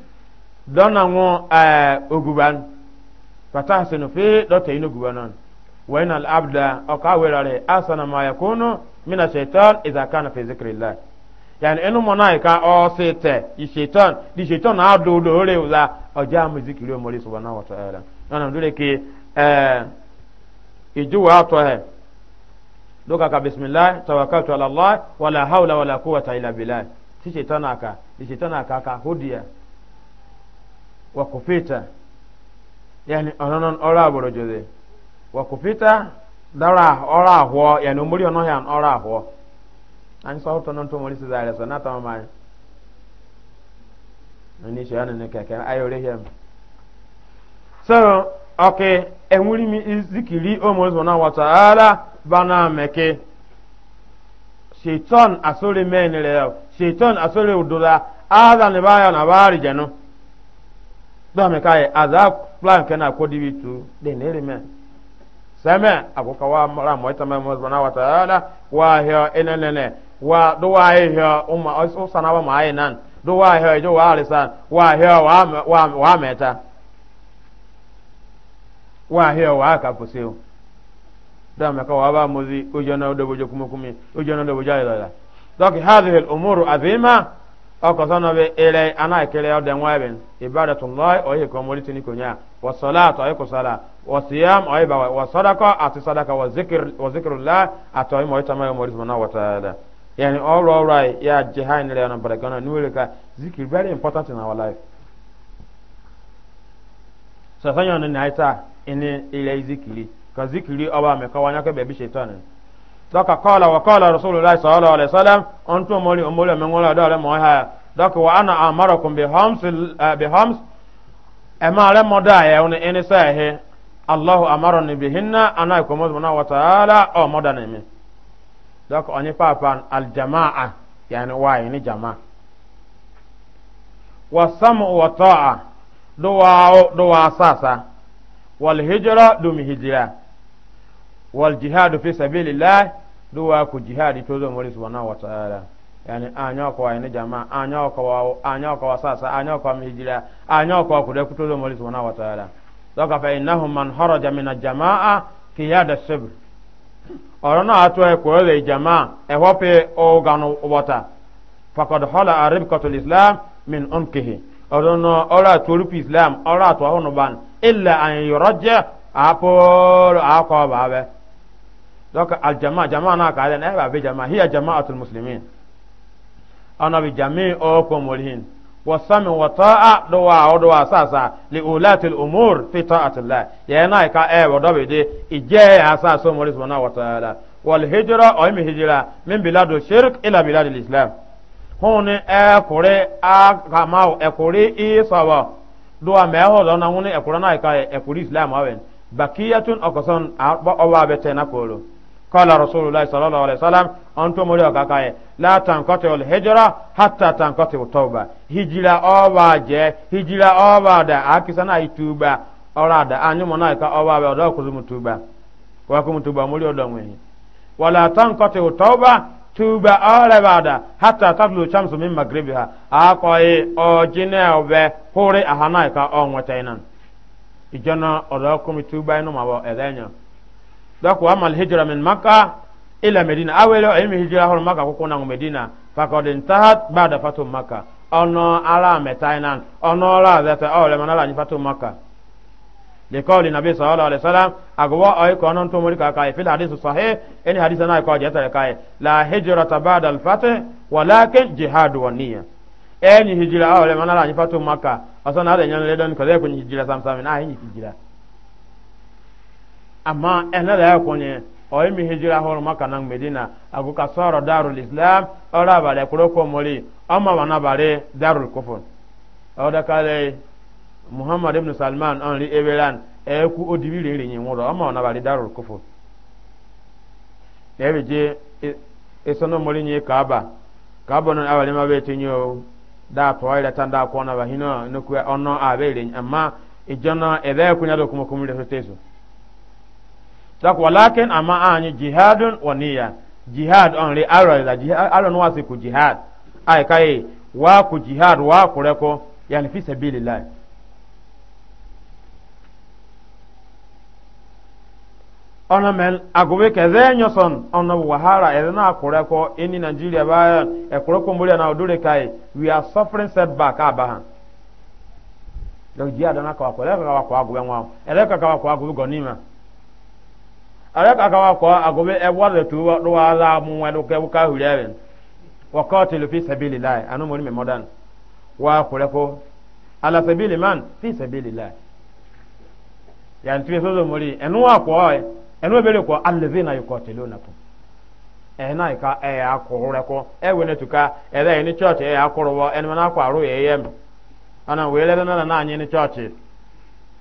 [SPEAKER 1] dọna ŋu ẹẹ eh, oguban fata hasinu fi dọta inu guban nọn wẹna abda ọka awirare asana ma ya kunu mina shaitan iza kana fi zikiri la yani inu mọna yi ka ọ si i yi shaitan di shaitan na adu lóore wula ọjà amu zikiri omori subana wata ẹrẹ nana dole ki ẹẹ eh, ijuwa atọ ẹ. doka ka bismillah tawakkaltu ala allah wala hawla wala quwwata illa billah si shaitan aka ni shaitan aka ka hudia wa kufita yani ononon ora aboro jode wa kufita dara ora ahwo yani umuri ono yan ora ahwo an sa hoto non to mori sizare sanata mama ni shaitan ne keke ayore hem so okay enwuri mi e zikiri o mo zo na wa ta'ala bana meke shaitan asori menire yau shaitan asori aza ne baya na bari jenu da me kai aza plan kana na dibi de ne seme abuka wa mara mo ita mo zana wa taala wa hiya enenene wa do wa hiya umma o sana wa mai nan do wa hiya do wa alisan wa da me ka wa ba muzi o jona do bojo kuma kuma o jona do bojo ila la donc hadhihi al umuru azima o ko sono be ele ana kele o den waben ibadatullah o ye ko mori tini ko nya wa salatu ay ko sala wa siyam ay ba wa sadaqa ati sadaqa wa zikr wa zikrullah atoy mo tama mo ri subhanahu wa ta'ala yani all all right ya jihain le ona barakana nuwele very important in our life so ni naita ini ile zikri ka zikiri awa me ka wanya ka be bi shaitan daka qala wa qala rasulullah sallallahu alaihi wasallam antu mali umul men wala da mo ha daka wa ana amarakum bi hams eh, bi hams amara moda ya on ene sa he allah amarani bihinna ana ko mo na wa taala o moda ne mi daka onye papa al jamaa yani wa ni jamaa wa samu wa ta'a duwa duwa sasa wal hijra dum hijra wal jihadu fi sabilillah duwa ku jihadi to zo mori subhanahu wa ta'ala yani anya ko ay ne jama anya ko wa anya ko wasasa anya ko mihijira anya ko ku da ku to zo mori subhanahu wa ta'ala doka fa innahum man haraja min al-jama'a qiyada sabr orona ato e ko le jama e hope o ganu wata faqad hala aribqatul islam min unkihi orona ora torupi islam ora to hono ban illa an yurajja apo akwa babe donc aljama jama na ka den eba eh, be jama hiya jama'atul muslimin ana bi jami o ko molhin wa sami wa ta'a do wa o do wa sasa li ulatil umur fi ta'atillah ya na ka e wa do be ije ya sa so mori subhanahu wa ta'ala wal hijra o mi hijra min biladu shirk ila biladil islam hone e kore a kama e kore i sawa do wa me ho do na hone e kore na ka e kore islam awen bakiyatun okoson a ba o wa be tena koro قال رسول الله صلى الله عليه وسلم أنتم مولي وكاكاية لا تنقطع الهجرة حتى تنقطع التوبة هجرة أوبا جي هجرة أوبا دا أكسنا يتوبة أرادا أن يمنا يكا أوبا بأدو كزم توبة وكم توبة مولي ودومي ولا تنقطع التوبة توبة أولا بعد حتى تطلع الشمس من مغربها أقوي أو جنة أوبا هوري أهانا يكا أوم وتينان إجانا أدو كم توبة نمو أدانيو donc wa mal hijra min makka ila medina awele ilmi hijra hor makka ko kona medina fakod intahat ba'da fatu makka ono ala metainan ono ala zata awle manala ni fatu makka لقول النبي صلى الله عليه وسلم أقوى أي كونون تومري كاكاي في الحديث الصحيح إن حديثنا يقول جاتا كاي لا هجرة بعد الفتح ولكن جهاد والنية أي هجرة أو لمن لا يفتح مكة أصلا هذا ينال لدن كذا يكون هجرة سامسامين آه هجرة amma ena da yakonye o yi mi hijira horo maka nan medina agu ka soro darul islam ora bale kuro ko mori amma wana bare darul kufur o da kale muhammad ibn salman on ri eberan e ku odibi re re yin woro amma wana bare darul kufur da je e, esono mori nyi kaaba kaaba non awale ma be tinyo da toyira tan da kona ba hino no ku onno abere amma ijona ebe kunya do kuma kumule so tesu tak walakin anyi jihadun wa niyya jihad on arọ aro da jihad aro ku jihad kai wa ku jihad wa ku reko yani fi sabilillah ona men agobe keze nyoson ona wahara edena akureko ini nigeria ba ekureko mbuli na odure kai we are suffering setback abahan alek akawa ko agobe ebwarde tuwa duwa la mu wadu ke buka hulewen wa qatilu fi sabilillah anu mo me modan ala sabili man fi sabilillah yani tibe sozo mori enu wa ko enu ko ni church e, e, e, e na ana wele na na ni church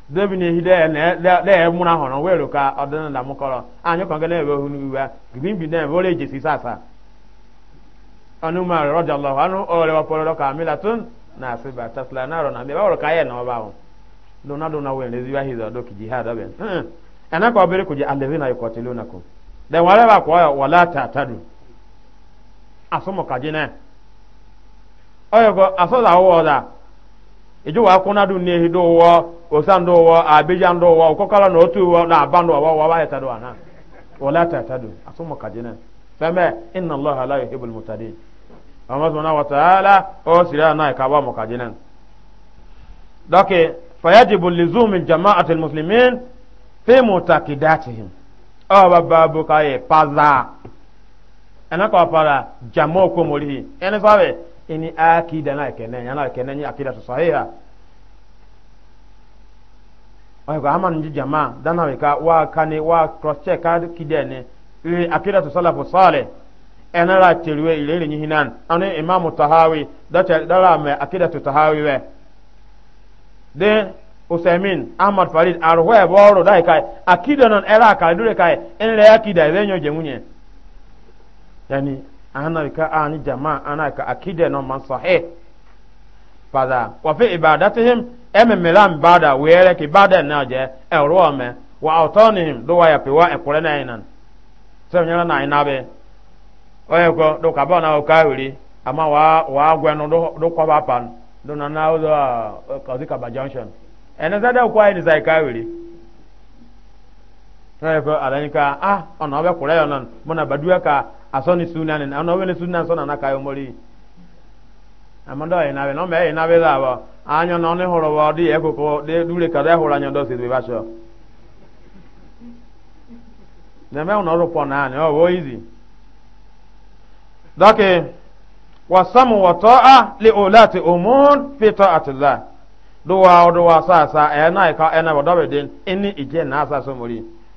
[SPEAKER 1] debi ne hide ne de muna hono wero ka odana da mukoro anyo kan gele we hunu wa gibin bi ne vole je si sasa anu ma radiyallahu anhu ole wa ka milatun na siba tasla na be ka ye na ba wo do na do na we ziwa hizo do ki jihad ana ko bere ku je de ba ko wala ta tadu asomo ka je ne oyo go wo da ijo wa kuna du ne hido wo osan do wo abejan do wa ko kala no tu wo na ban do wo wa ba ta do ana wala ta ta do asuma kadina fama inna allaha la yuhibbul mutadin amma subhana wa ta'ala o sira na ka ba mu kadina doke fayajibu lizum jama'at almuslimin fi mutaqidatihim o ba babu ka paza ana ko para jamo ko mori ene fawe ini akida na kene yana ekene ni akida to sahiha oye ko amanu ji jama dana we ka wa kane wa cross check ka kidene ile akida to salafu salih enara tirwe ile ile nyi hinan anu imam tahawi dacha dara me akida to tahawi we de usaimin ahmad farid arwe boro dai kai akida non era ka dure kai enre akida ile nyo jemunye yani ana ka ani jama ana ka akide no man sahih fada wa fi ibadatihim em milan bada were ki bada na je e ro me wa autonihim do wa ya pewa e kore na inan so nyala na ina be o ye ko do ka ba na o ka ama wa wa gwe no do do ko ba pan do na na o do uh, ka di ka ba junction ene zada ko ai ni zai ka sɛnɛ ko alani ka ah ɔnɔ bɛ kura yɔn nan mɔna baduya ka asɔni suna ni ɔnɔ wele suna na ka yɔmɔli amadɔ yina bɛ nɔmɛ yina la bɔ a ne hɔrɔ wɔ di yɛ de dure ka hɔrɔ nyɔ dɔ si ba sɔ dɛmɛ ɔnɔ pɔ naa ni ɔwɔ wɔtɔ a li o o mun ati la do wa do wa sa sa ɛna yi ka ɛna bɔ dɔ den ɛni ijɛ na sa so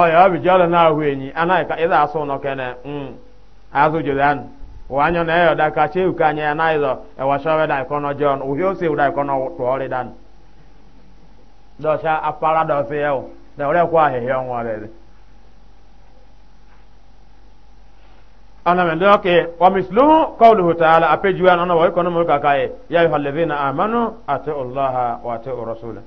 [SPEAKER 1] ọya obi jọlọ na ahụ enyi anaghị ka ịza asụ nọ kene mm azụ jụrụ anụ wọ anya na eyo daka cheu ka anya anaghị zọ ewashawe da ikono john uhi ose da ikono tuori dan dọsha apara dọsị ya da ore kwa ahịhịa ọnwa rere ana men do ke wa misluhu qawluhu ta'ala apejuwa na wa ikono mu kakaye ya ayyuhallazina amanu ati'ullaha wa ati'ur rasulahu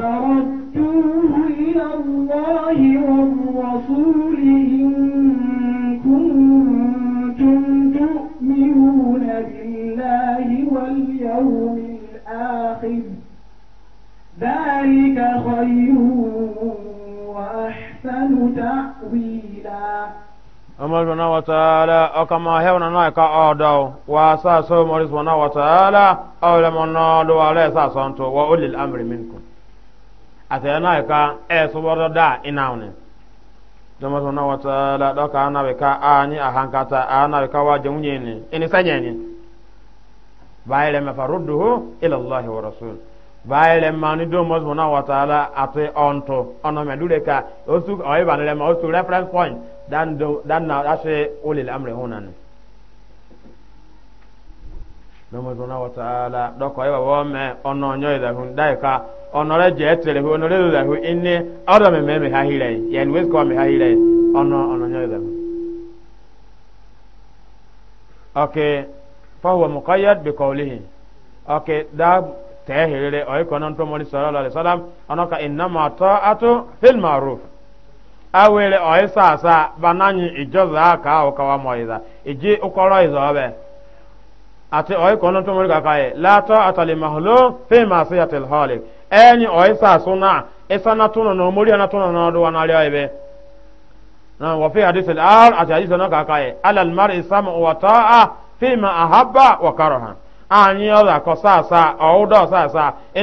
[SPEAKER 2] فردوه إلى الله والرسول إن كنتم تؤمنون بالله واليوم الآخر ذلك خير وأحسن تأويلا
[SPEAKER 1] أمر سبحانه وتعالى أكما هيونا نايكا أودو وأساسه مولي سبحانه وتعالى أولم النادو عليه ساسانتو وأولي الأمر منكم asɛɛ na ka ɛɛ e sɔbɔdɔ da ne sɔn na ka a ni a na ka wa jɛmu ne nye ne baa mɛ fa ila allah wa rasul baa yɛlɛ ma ni dɔmɔ sɔn na wata la a tɛ ɔnɔ mɛ ka o su ba reference point dan na o na ne. nomozona wataala doko eba bome ono nyoy da hun dai ka ono re je tere hu ono re da hu inni odo me me me ha hire yen wes ko me ha hire ono ono nyoy da hun okay fa huwa muqayyad bi qawlihi okay da tehirere oy ko non to mo sallallahu alaihi wasallam ono ka inna ma ta'atu fil ma'ruf awere oy sa sa bananyi ijoza ka o ka wa moiza iji ukoro izo be ati oyi kono tumuri kaka ye la ta'ata li mahlum fi ma'siyati al-khaliq eni oyi sa suna isa na tuno no muri na tuno no na wa fi hadith al-ar ati hadith no kaka ye ala al-mar'i sam'u wa ta'a fi ma ahabba wa karaha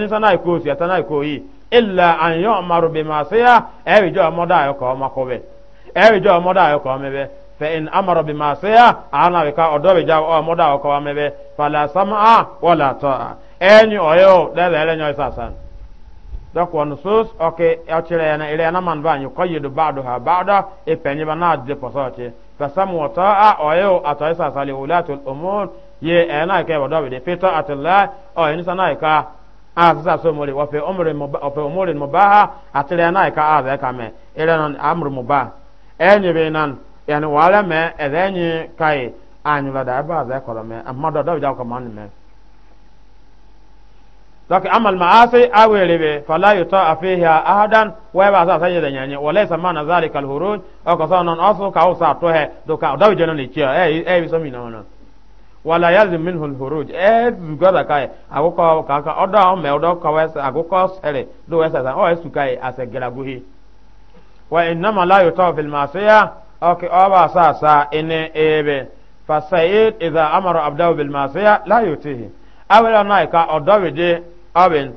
[SPEAKER 1] sana iko si atana iko yi illa an yu'maru bi ma'siya ewi jo moda ayo ko makobe فإن أمر بمعصية أنا بك أدوبي جاو أو مدى أو كوامي بي فلا سمع ولا طاعة أني أيو لا لا لا يساسا دوك ونصوص أوكي أتشري أنا إلي أنا من بان يقيد بعضها بعضا إفني بنا دي بصوتي فسم وطاعة أيو أتايسا سالي ولاة الأمور يي أنا كي أدوبي دي في طاعة الله أو إنسانا إكا أساسا سمولي وفي أمور مباحة أتشري أنا إكا أذكا مي إلي أمر مباح أني بينان yani wala me edenyi kai anyula da ba za koro me amma da dawo jaw ko man me dak amal ma'asi awere be fala yuta fiha ahadan wa ba sa sanye da nyanye wala sa mana zalika alhuruj o ko sono asu ka o to he do ka dawo jeno ni kiyo e eh, e eh, bi eh, so mi na wala yazim minhu alhuruj e zugara kai agoka ka ka oda o me oda ka wesa agoka sere do wesa sa o oh, esu kai asegelaguhi wa innama la yuta fil ma'siya ok oba sa sa ene ebe fa sayid amaro amara abdahu bil masiya la yutihi awela nai ka odowide abin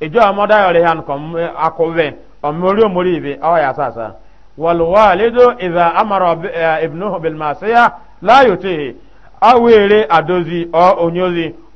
[SPEAKER 1] ijo amoda yore han kom akowe omori omori ibe o ya sa sa wal walidu idha amara eh, ibnuhu bil masiya la yutihi awere adozi o onyozi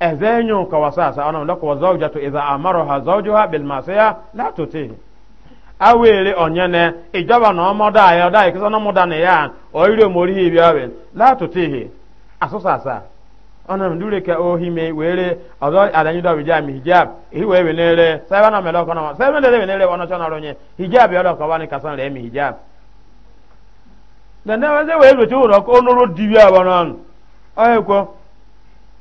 [SPEAKER 1] ezenyo ka wasasa ona ndo ko zawjatu idha amaraha zawjuha bil masiya la tuti awere onyene ijaba na omoda ayo dai kisa na moda ne ya oyire omori ibi awe la tuti ona ndure ohime were ozo do bija mi hijab we nere na melo kana saiba nere nere wono ronye hijab yo ka wani kasan na waze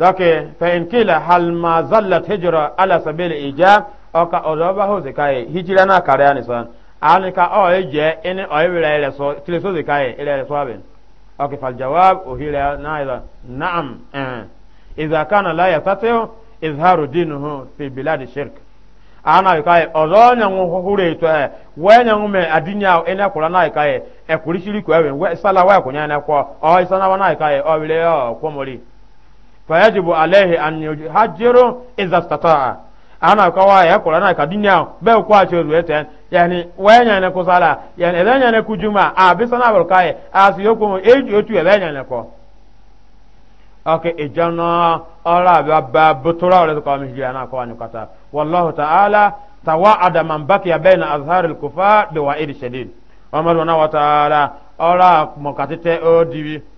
[SPEAKER 1] dɔke fɛn kila hal ma zallat hijra ala sabili ijab ɔka ɔdɔba ho zikaye hijira na kariya ni san ani ka ɔye jɛ ini ɔye wira yɛrɛ sɔ tiliso zikaye yɛrɛ yɛrɛ sɔ abin ɔke fal jawab ohira na yɛrɛ na'am ɛn eh. iza kana la yatatiu izharu dinuhu fi biladi shirk ana yi kaye ɔdɔ nyangu hure to ɛ eh. wɛ nyangu mɛ adinya ina kura na yi kaye ɛkuri e shiri ko ɛwin sala wɛ kunya ne kɔ ɔye sanawa na yi kaye ɔwile ɔ kɔmori. fayajibu alaihi an yuhajiru idza stata'a ana kawa ya qur'ana ka dunya be ko a chezu eten yani wanya ne ko sala yani edanya ne ku juma a bi sana bal kai a si yoko eju otu edanya ne ko ake ejana ala ba ba butura ole ko mi ji ana ko anyu kata wallahu ta'ala tawa'ada man baqiya baina azhar al-kufar bi wa'id shadid wa ta'ala ala mokatete o diwi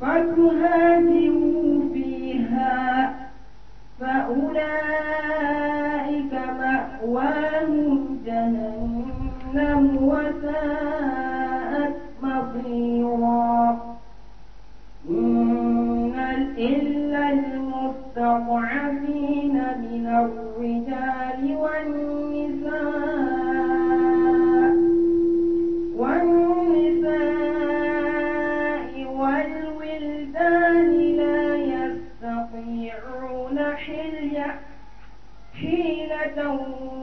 [SPEAKER 2] فتهاجروا فيها فأولئك مأواهم جهنم وساءت مصيرا إن إلا المستضعفين من الرجال والنساء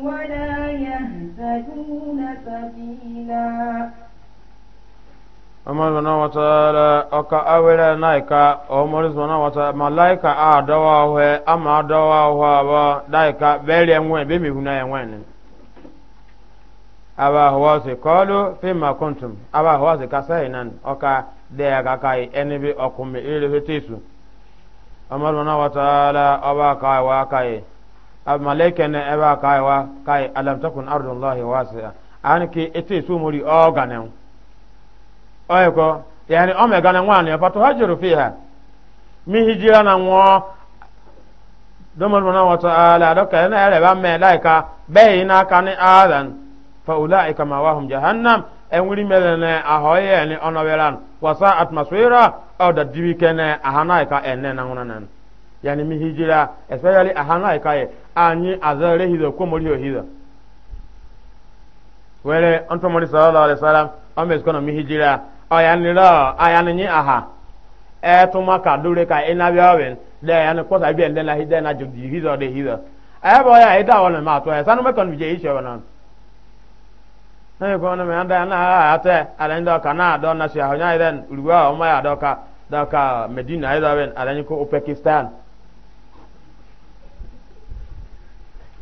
[SPEAKER 2] ولا يهتدون سبيلا
[SPEAKER 1] amadu na wataala ɔka awere naika wata malaika a dɔwɔ hɛ ama dɔwɔ hɔ abɔ daika bɛri ɛŋwɛ bɛ mi huna ɛŋwɛ ni aba hɔwɔsi kɔɔlu fi kuntum aba kasa yi nan ɔka dɛya kaka yi ɛni bi iri na wa malaika ne eba kaiwa kai alam takun ya wasi'a anki ite sumuri o ganen oye ko yani o me ganen wani ya fatu hajiru fiha mi hijira na nwo domin mana wa ta'ala da kai na yareba me laika bai na aka kan adan fa ulaika ma wahum jahannam en wuri melene ahoye ni onowelan wasa atmosfera o da diwi kene ahana ka enne na ngunanan yani mi hijira especially a hannu aika ye anyi azare hizo ko mori hizo wele onto mori sallallahu alaihi wasallam on be skono mi hijira o ya ni ro aya ni nyi aha e to maka dure ka ina bi awen de ya ni ko sa bi en na hide na jodi hizo de hizo e bo ya ida wona ma to e sanu me kon bije ishe wona ne ko na me anda na ah, ate ala ndo kana do na shi ahonya iden uruwa o ma ya doka doka medina ida ben ala ni ko pakistan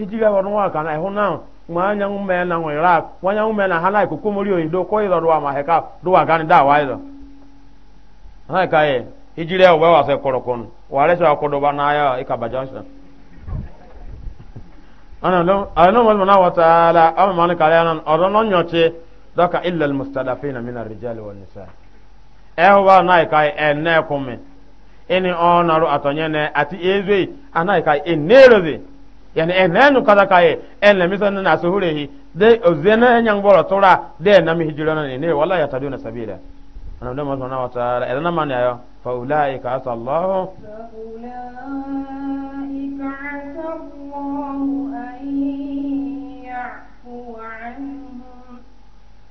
[SPEAKER 1] hijiga wa kana na ma anya ngume na ngwe ra wa na hala ikuku oyin do ko ma heka do wa gani da wa ido ha ka ye hijire o wa se korokon wa re so akodo ba na ya ikaba na wa taala am ma ne no nyoche doka illa al mustadafin min na ka onaru atonye ne yani enenu kada kaye enle misan na suhurehi de ozena nyang boro tora de na mi hijirona ne wala ya taduna sabila ana ndo mazona wa taala elana man yayo fa ulaika asallahu
[SPEAKER 2] ulaika asallahu an yafu anhum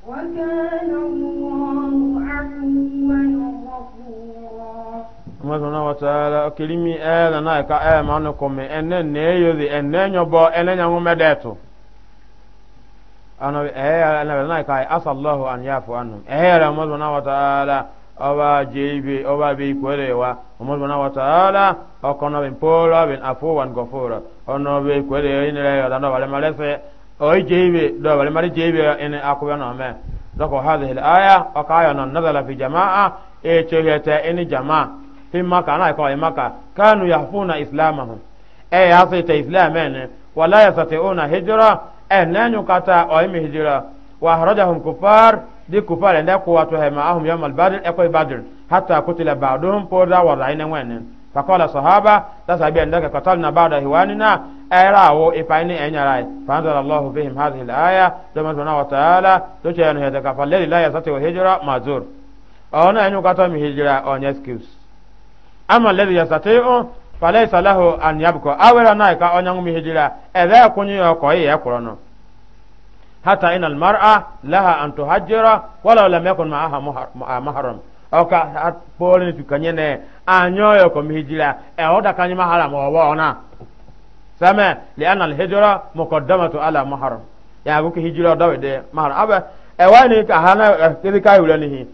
[SPEAKER 2] wa kana allahu afuwan
[SPEAKER 1] mọ́sánà wọ́tàlá kìrìmì ẹ̀ẹ́dà náà ẹ̀ka ẹ̀ẹ́ máa nù kọ́mi ẹ̀nẹ́ nẹ́ẹ̀yọ̀dì ẹ̀nẹ́ nyọ̀bọ̀ ẹ̀nẹ́ nyàwó mẹ́dẹ̀ẹ̀tù ẹ̀ẹ́yà náà ẹ̀ka asàlọ́hù àníyàfọ̀ ànú ẹ̀ẹ́yà mọ́sánà wọ́tàlá ọba jẹ́ibi ọba bí ìkọ́lẹ̀ wa mọ́sánà wọ́tàlá ọkọ̀nà bí pọ́ọ́lá bí àfọwọ́n gọ̀fọ́rọ̀ ọ̀nà bí ìkọ́lẹ̀ ìnira yọ̀dà náà wàlẹ́ fi e e fi maka ana ko maka kanu yahfuna islamahum e ya sai ta islamen wala yastati'una hijra en nanyu kata o mi hijra wa harajahum kufar di kufar ne ko wato he ma ahum yamal e, badr e ko badr hatta kutila ba'dhum poda wa raina wenen fakola sahaba tasabi andaka katalna ba'da hiwanina ayrawo e, ipaini enyarai fanzala allah fihim hadhihi alaya dama subhanahu wa ta'ala to cheyanu hedaka falil la yastati'u hijra mazur ona enyu kata mi hijra on excuse ama lezi ya sate o fale salahu an yabko awera na ka onyangu mi hijira ebe kunyi yo ko ye kurono hata ina almar'a laha an tuhajjira wala lam yakun ma'aha mahram o ka polin tu kanyene anyo yo ko e oda kanyi mahram o wa ona sama li anna alhijra muqaddamatu ala maharam, ya go ki hijira dawde mahram aba e wani ka hana e, kiri kai ulanihi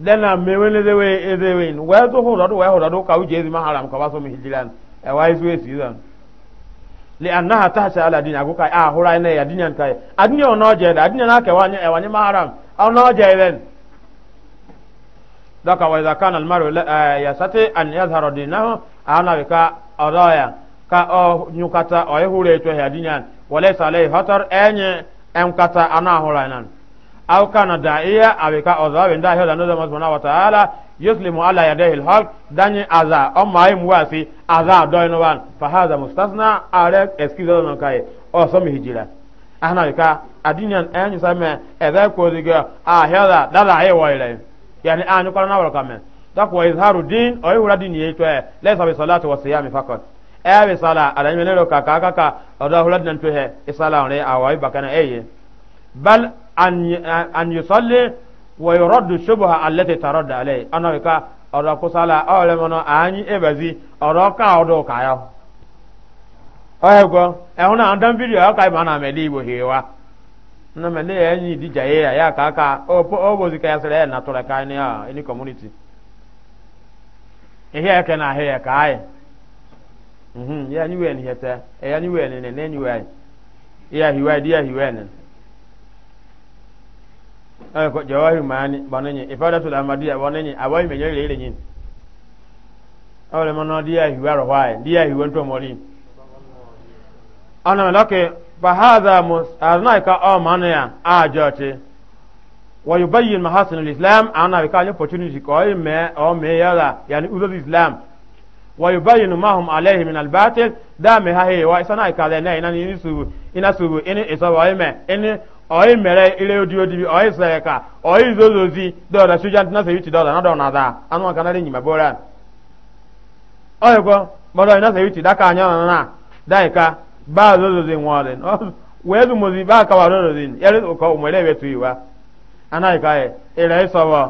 [SPEAKER 1] dena mewele ezewe edewe we to ho do we ho do ka uje ezima haram ka baso mi hijiran e wa isu e esi zan li annaha tahsha ala dinya ko kai ah hura ne ya dinya kai adinya ono je da adinya na ke wanye e wanye maharam ono je den e daka wa idha kana al maru e, ya sati an yadhharu dinahu ana bika adaya ka o nyukata o hure to ya dinya walaysa alai hatar enye emkata ana hura nan aw kana da'iya abe ka ozawa be hiyo da nozo masmana wa ta'ala yuslimu ala yadayhi al-haq dani aza o mai muwasi aza do no ban fa hadha mustasna are excuse no kai o so mi hijira ahna ka adinyan enyi same eza ko diga a hela dala ay waile yani anyu kana wala kamen dak wa izharu din o yura din yeto e laysa bi salati wa siyami faqat ewe sala ala nyemelero kaka kaka odo hulad nan to he isala on re awai bakana eye bal an yusalli wa yuraddu shubha allati taradda alayhi ana ka ọ̀rọ̀ kusala ọ̀rẹ́ mọ́nà àányi ebazi ọ̀rọ̀ ká ọ̀dọ̀ kàyà ọ̀hẹ́gbọ́ ya náà dán fídíò ọ̀ka ìmọ̀ náà mẹ́lẹ́ ìbò hìí wa ya mẹ́lẹ́ ẹ̀yìn ìdíjà yẹ́ yà káàkà ẹni ihe ni ni ni di ko jawahir maani bonenye ifadatul amadiya bonenye awai me jere ile nyin awle mono dia hiwaro wae dia hiwon to mori ana lake fa hadha musarnaika o manaya a jote wa yubayyin mahasin al-islam ana ka ni opportunity ko me o me yala yani uzo islam wa yubayyin ma hum alayhi min al-batil da me ha he wa isana ka le na ina ni su ina su ini isa wa me ini oyi mere ile odi odi bi oyi sere ka oyi zozozi dɔda soja ntina se yuti dɔda nadɔ na zaa anụ aka nari nyima bora oyi ko bɔdɔ ina se yuti daka anya na na dai ka ba zozozi ŋwɔden wee zu mozi ba kawa zozozi yɛri kɔ umere bɛ tuyi wa ana yi ka yɛ ire yi sɔbɔ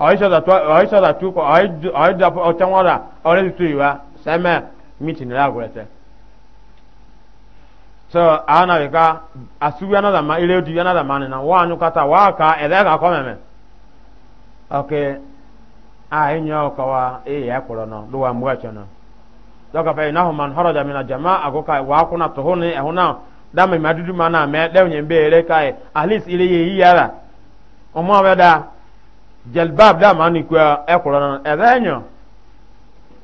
[SPEAKER 1] oyi sɔda tu oyi sɔda tu kɔ oyi oyi da ɔtɛ ŋɔda ɔre tuyi wa sɛmɛ miti nira agorɛ tɛ. so ana ka asubi another man ile odi another man na wa anyu kata wa ka ele ga ko meme okay a enyo ko wa e ya koro no do wa mwa cho no do ka fa inahu man haraja min jamaa go ka wa kuna to hone e hona da me madudu mana me da onye be ere kai at least ile ye yara omo abeda jalbab da man ku e koro no e enyo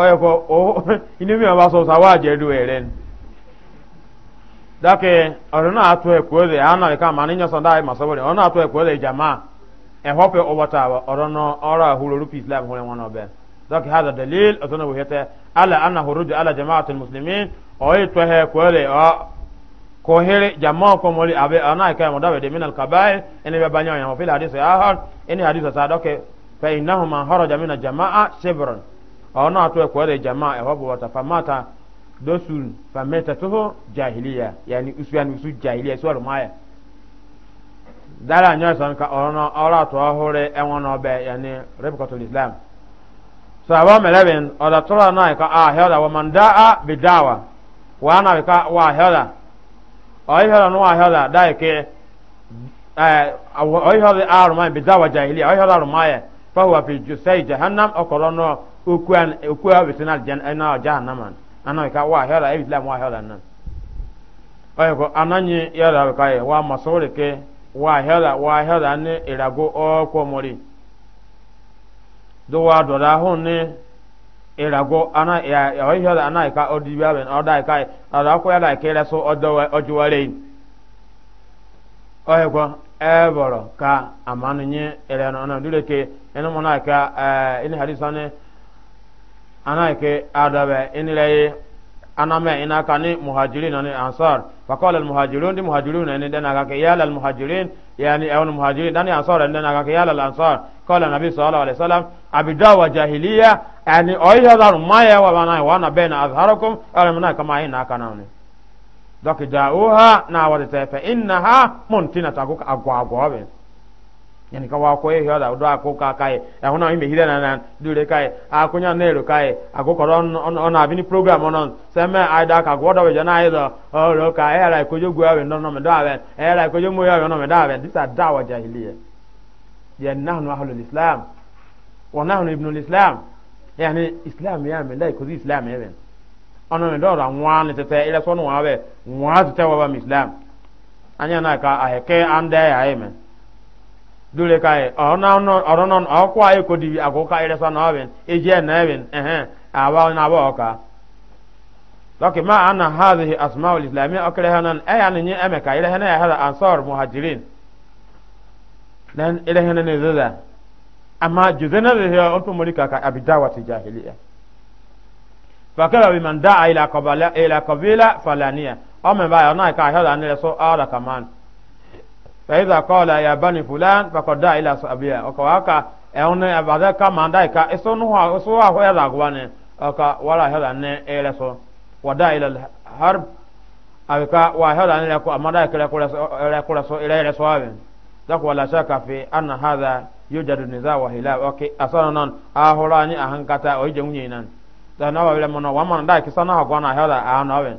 [SPEAKER 1] ọyọ kọ ọ inú mi ọba sọsọ àwọn àjẹdù ẹrẹ ni dákẹ ọdún náà atọ ẹkọ ẹdẹ àánà rẹ káàmà ní yọsàn dáhẹ màsọbọ rẹ ọdún náà atọ ẹkọ ẹdẹ jàmá ẹhọ pẹ ọwọta ọdún náà ọrọ àhúrò rúpì islam húrẹ wọn ọbẹ dákẹ hàdà dalil ọdún náà wòhẹtẹ alẹ àná horújù alẹ jàmá àti mùsùlùmí ọyẹ tọ ẹ ẹkọ ẹdẹ ọ kọhere jama kọmọli abe ana ika mo dabe de min al kabair ene be banyo yamo fil hadith ahad ene hadith sa doke fa innahu man jamaa shibran ona to ko de jamaa e hobo wata famata dosul fameta toho jahiliya yani usyan usu jahiliya esu maya dara nya san ka ona ora to hore e na obe yani rebkatul islam so awa meleben oda tora na e ka a ah, hela wa mandaa bidawa wa na e ka wa hela o hela no wa hela dai e ke eh o hela aruma wa jahiliya o hela aruma fa huwa fi jusai jahannam o korono okua okua bisi na aljan eh, na jahannam ana ka wa hela islam e wa hela nan ayo ko ananye yara ka ye wa masore ke wa hela wa hela ne irago do ne irago ana ya o hela ana ka o di ba ben ka ko so o eboro ka e amanu nye ke ka eh, hadisa ana ke adabe inilay aname ina kani muhajirin ani ansar faqala al muhajirun di muhajirun ne dana ga ke yala al muhajirin yani awan muhajirin dani ansar ne dana ga ke yala al ansar qala nabi sallallahu alaihi wasallam abida wa jahiliya yani oyya dar maya wa bana wa na baina azharakum alamna kama ina kana ne dak ja'uha na wa ta fa innaha muntina taguka agwa agwa be yani ka wa ko e yoda do ko ka kai e hono mi hira na nan dure kai a ko nya ne ro kai a ko ko on on abini program on se me ai da ka godo we jana ai do o ro ka e eh, ra ko jogu awe no no me da awe e eh, ra ko jomu ya no me da disa da wa jahiliya ya nahnu ahlul islam wa nahnu ibnu islam yani islam ya me dai ko islam ya ben ono me do ra nwa ni tete ile so no awe nwa tete wa islam anya na ka aheke ande ya amen dole kai e, orona oronon akwa eko dibi akoka iresa na oven eje na even e eh awa na ba oka doki ma ana hadhihi ha al-islamiyya akra hanan ayani e ni emeka ile na ya hada ansar muhajirin dan na hana ne zaza amma juzana da ya onto mulika ka abidawati jahiliya fakara bi man da'a ila qabala ila qabila falaniya amma ba yana ka hada ne so ala kaman فإذا قال يا بني فلان فقد دعا إلى صحابيه وكواكا أون أبدا كما دايكا إسونها إسوها هو هذا غواني أكا ولا هذا ني إلسو ودعا إلى الحرب أبكا وهذا ني لكو أما دايكا لكو لسو إلى إلسو ذاك ولا شك في أن هذا يوجد نزاع وهلال أوكي أصلا أهولاني أهنكتا ويجمعينا ذا نوى بلا منو ومن دايكا سنة غوانا هذا أهنوين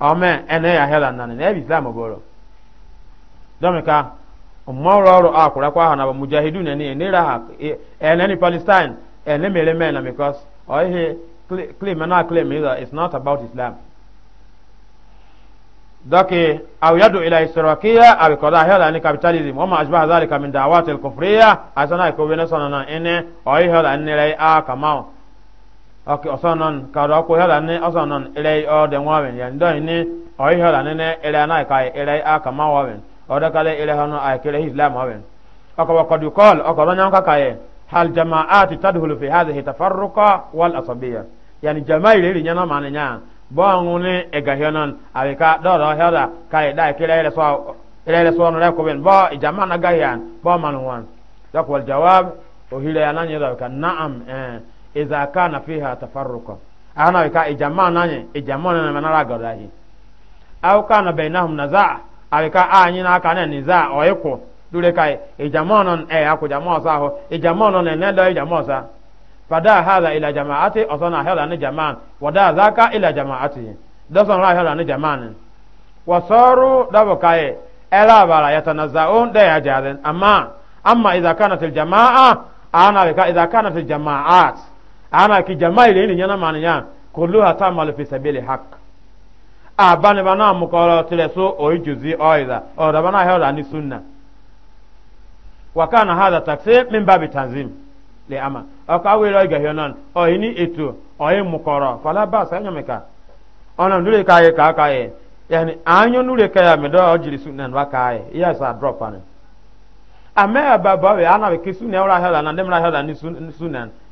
[SPEAKER 1] ome ene ya hela nani na ebi islam boro domika mmọrọ ọrụ a kwụrụ akwa ha na mujahidu na ene ha ene ni palestine ene mere mee na because ọ oh, ihe claim na claim is uh, not about islam doki eh, aw yadu ila israkiya aw qada hada ni capitalism wa ma ashbaha dhalika min da'awat al-kufriyya asana ko wena sana na ene eh, oh, o hada ni rai a kamao ok osonon karo ko hala ne osonon ile o de wawen yan do ni o hala ne ile na kai ile a kama wawen o da kale ile hanu a kire islam wawen ok wa qad yuqal ok ro nyam ka kai hal jama'at tadkhulu fi hadhihi tafarruqa wal asabiyya yani jama'a ile nyana mane nya bo ngune e gahionon alika do ro hala kai da kire ile so ile ile so no re ko ben bo jama'a na gahian bo man wan dak wal jawab o hila yanan yada kan na'am eh iza kana fiha tafarruqa ana ka ijama nanye ijama na na na gadahi aw kana bainahum naza alika anyi na kana niza oyiko dure kai ijama non e aku jama sa ho ijama non ne ne do ijama sa fada hada ila jama'ati asana hada ni jama'an wada zaka ila jama'ati dasan ra hada ni jama'an wasaru dabo kai ela bara yatanazaun da ya jaden amma amma idza kanat jama'a ana ka idza kanat jama'at ana ki jama'i le nyana mani ya kullu hata mal fi sabili haqq abane bana mukoro tile so o ijuzi oida o da bana hewla ni sunna wa kana hadha taksir min babi tanzim le ama o ka we ro ga hionan o ini etu o e mukoro fala ba sa ona ndule ka ye ka ka ye yani anyo ka ya o jiri sunna ka ye ya sa drop ame ababa we ana we kisu ne ora na ni sunna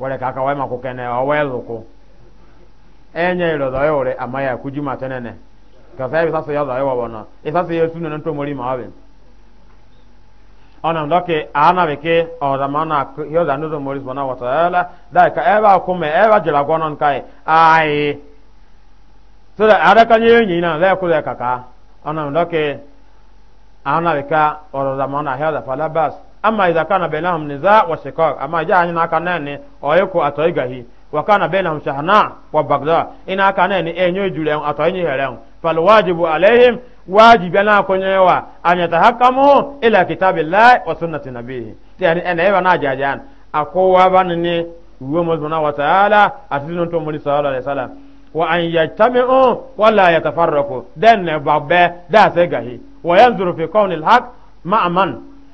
[SPEAKER 1] wale kaka wema kukene wawezuku enye ilo dhaweole amaya kujuma tenene kwa hivi sasa ya dhawewa wana e sasa yesu nene nto mulima wabe ona ndoke ana beke odamana yo zanuzo molis bana wataala da ka eba kume eba jela gonon kai ai so da ada kanye nyina da kula kaka ona ndoke ana beka odamana hela falabas ama idza kana bainahum niza wa shiqaq amma ja anyi na kana ne oyeko atoy gahi wa kana bainahum shahna wa bagda ina kana ne enyo jure atoi nyi heren fal wajibu alaihim wajibana konyewa an yatahakamu ila kitabillahi wa sunnati nabihi yani ene eba na jajan akowa banne wo mo zuna wa taala atizun to mo sallallahu alaihi wasallam wa an yajtami'u wa la yatafarraqu dan babbe da sai gahi wa yanzuru fi qawli alhaq ma'aman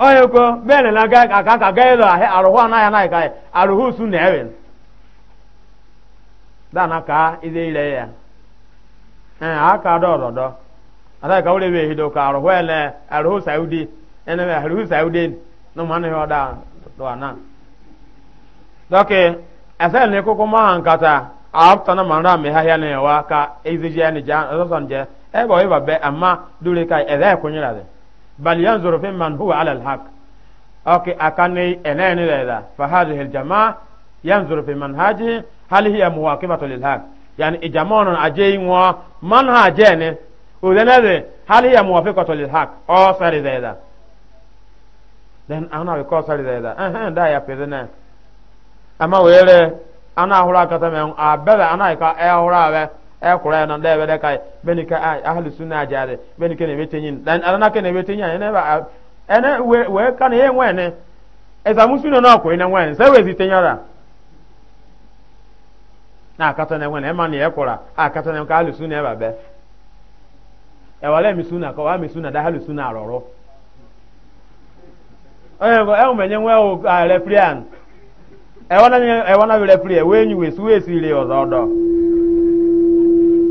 [SPEAKER 1] onye kwo bene na aka aka ga elu ahe arụhụ anaghị anaghị ka arụhụ usu na ewe dana ka ize ire ya ee aka dọ ọdọdọ anaghị ka ụlọ ebe ka arụhụ ele arụhụ saudi ene arụhụ saudi na ụmụ anaghị ọda dọwa dọkị bal yanzuru fi man huwa ala alhaq okay akani enene leda fa hadhihi aljamaa yanzuru fi manhaji hal hiya muwaqifatu lilhaq yani ijamon ajei ngo manhaje ne ulenade hal hiya muwafiqatu lilhaq o sari leda then ana ko sari leda eh eh da ya pedene ama wele ana hura kata me abela ana ka e hura we e kwura na da bere kai beni ka ahli sunna jare beni ke ne betenyin dan arana ke ne betenyin ne ba ene we we ka ne yenwe ne e za musu na ko ina nwen se we zitenyara na akata na nwen e ma ne e akata na ka ahli sunna e ba be e wala mi sunna ka wa mi na da ahli sunna aroro onye ngo e o menye nwe o refrian e wana e wana refrian we nyi we su we si le ozo do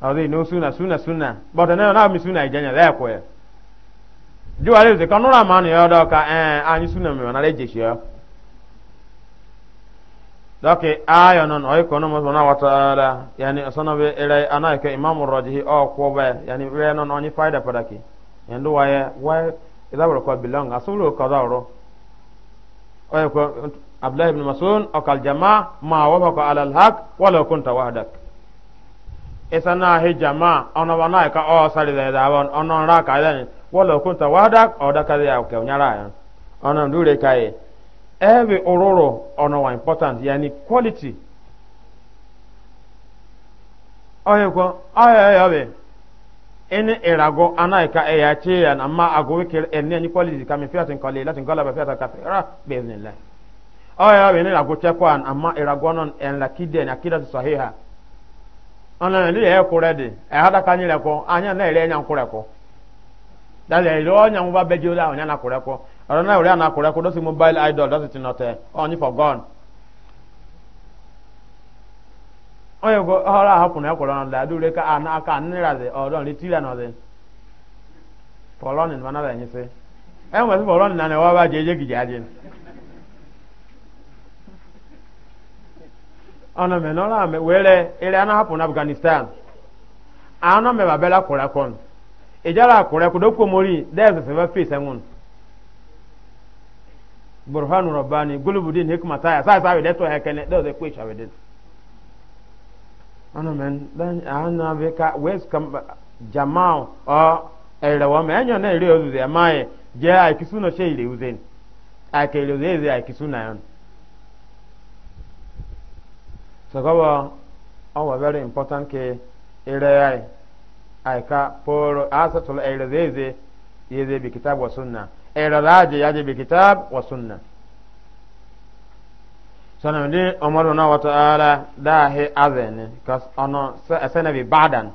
[SPEAKER 1] awde no suna suna suna but na eh, na mi suna ijanya da ko ye ju wale ze kanura man yo do ka eh anyi suna mi na reje shi yo doke ayo non oy ko no mo na wataala yani asana be ere ana ke imamu rajihi o ko be yani we non onyi faida padaki yendo waye waye idabro ko belong asulu ko dawro oy ko abdullah ibn mas'ud o kal jamaa ma wafaqa ala isa na ahi jama ona na ka o sari da da won ona ra ka da wala kunta wada o da ka ya ke nyara ya ona ndure kai every ororo ona wa important yani quality oye ko aya ya be ene erago anaika e ya che ya na ma ago ke ene ni quality ka mi fiatin kale latin gala ba fiata ka ra biznillah aya ya be ne ago che kwa ama erago non en la kide na kida sahiha ana ni le e hada ka le ko anya na ere nya ko re ko da le lo nya ngwa be jola anya na ko ko ara na ore na ko ko do si mobile idol does it not eh for gone go ara na ko ran da du re ka ana aka ni ra de o don ti la no de e mo se for na ne wa ba je je ana mɛ nɔla mɛ wɛrɛ ere ana hapun afghanistan ana mɛ babɛla kura kɔn ijara e kura kudo komori dɛɛ fɛfɛ bɛ fi sɛŋun burhanu rabbani gulubudin hikma taya sa sa wede to ya e kene do ze kwich awede ana men dan ana be ka wes kam jamao o ere wa menyo na ere ozu ya mai je ai kisuna she ile uzen akele uze ai kisuna yon sagawa awa very important ke ere ai ai ka por asatul ere zeze yeze bi kitab wa sunna ere laje yaje bi kitab wa sunna sana ndi umaru na wa ta'ala dahi azene kas ono sana bi badan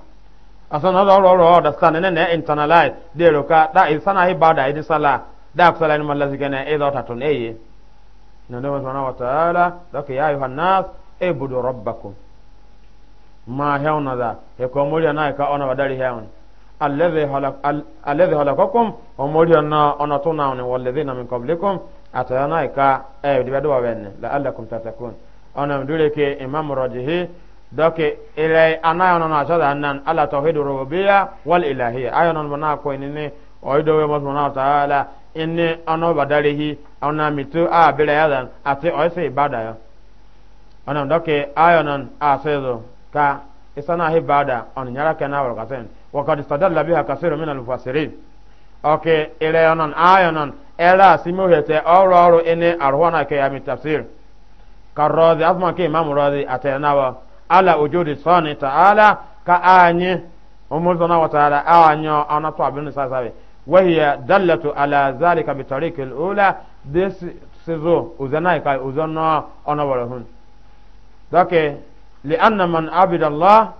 [SPEAKER 1] asana ro ro ro da sana ne ne internalize de ro ka da isana hi bada idi sala da sala ni malazi kana e da tatun eye nando wa ta'ala da ya ayuha nas ebudu rabbakum ma hewna da e ko mori na ka ona wadari hewn alladhi halak alladhi halakakum o mori na ona tuna on walladhina min qablikum atayana ka e eh, di badwa wenne la'allakum tatakun ona mdure ke imam rajihi doke ilai ana ona na sada nan ala tauhidur rububiyya wal ilahiyya ayonon bana ko inne oido we mo na taala ona badari hi ona mitu a ah, bila yadan ati oise ibada ya anan doke ayonan asezo ka isana hi bada on nyara kana wal kasen wa qad istadalla biha kaseeru min al mufassirin oke ile onon ayonan ela simu hete oro oro ene arwana ke ami tafsir karodi afma ke imam rodi atenawa ala ujudi sani ta'ala ka anyi umurtana wa ta'ala anyo anatu abin sasabe وهي دلت على ذلك بطريق الأولى this sizo uzanai kai uzanna ona warahun dɔke li anna man abida allah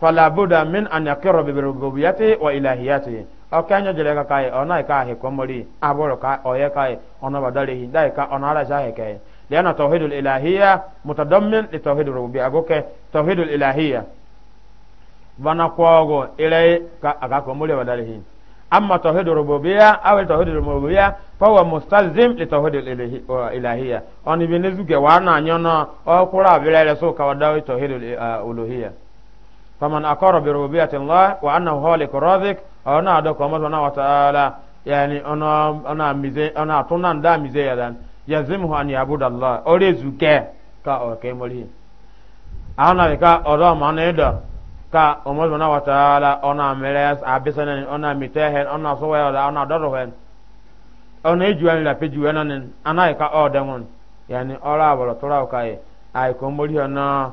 [SPEAKER 1] fala buda min an yakiro bi rububiyati wa ilahiyati o kanya jele ka kai ona ka he komori aboro ka oye kai ona badare hi dai ka ona ara sha he rububi لأن توحيد الإلهية متضمن لتوحيد الربوبية أقولك توحيد الإلهية بنا قوغو إلي كأكاكو مولي ودالهين أما توحيد الربوبية أو توحيد الربوبية فهو مستلزم لتوحيد الإلهية أن بنزوج وانا نيونا أو كرا بلا رسول كوداوي توحيد الألوهية فمن أقر بربوبية الله وأنه هالك رازق أو نادك ومتنا وتعالى يعني أنا أنا مزي أنا تونان دا مزي يدان يزمه أن يعبد الله أريزوك كا أوكي مولي أنا بكا أرام أنا إذا ka omar bin wa ta'ala ona mere abisana ona mitehen ona sowa ona ona dorohen ona ejuan la peju enanin anai ka odenwon yani ora abolo tura kai ai ko mori ona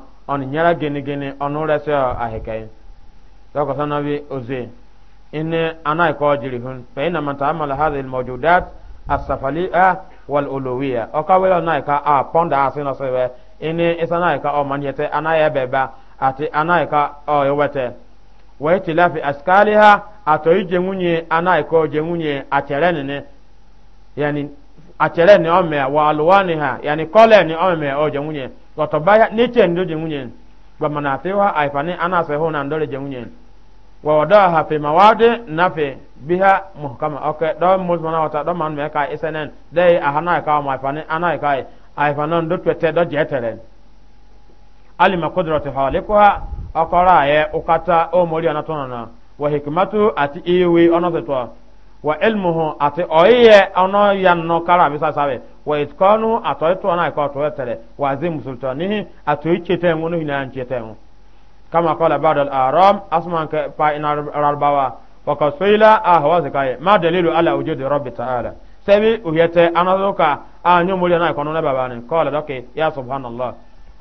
[SPEAKER 1] nyara gene gene onu rese ahikai doko sana bi oze inne anai ko jiri hun fa ina wal uluwiyya ka a ponda asina sewe ka o ebeba ati ọ anaika oyo wete waitilafi askaliha nwunye jengunye anaika o jengunye acherenene yani acherene ome wa alwaniha yani koleni ome o jengunye gotobaya niche ndo jengunye gwamanafiwa aifani anase hona ndole jengunye wa ma fi mawadi nafi biha muhkama okay do musmana wata do man meka isenen dai ahana ka ma ifani anaika aifanon do twete do jetelen alima kudratu halikuha akara ye ukata o mori anatonana wa hikmatu ati iwi onotetwa wa ilmuhu ati oyiye ono yanno kara bisa sabe wa itkanu atoyto na ko toyetere wa azim sultanihi atoyichete ngunu hinanchete ngunu kama kala ba'd al-aram asman ka fa in wa qasila ahwazi kai ma dalilu ala wujudi rabbi ta'ala sabi uhiyata anazuka anyo ah, muli na ko na babane kala doke ya subhanallah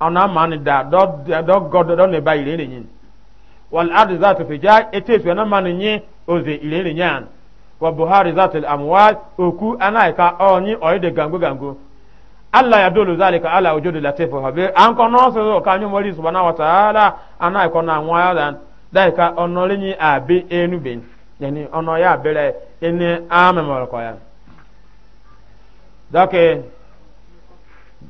[SPEAKER 1] ana mani da do do godo do ne ba ile ne nyin wal ard zat fi ja etesu ana mani nyi oze ile ne nyan wa buhari zat al amwal oku ana ka onyi de gango gango Ala ya zaa dolu ka ala wujudu latifu habi an ko no so ka nyu mori subhanahu wa ta'ala ana ko na nwa ya dan ka onori nyi abi enu bin yani ono ya bere ene amemol ko ya dake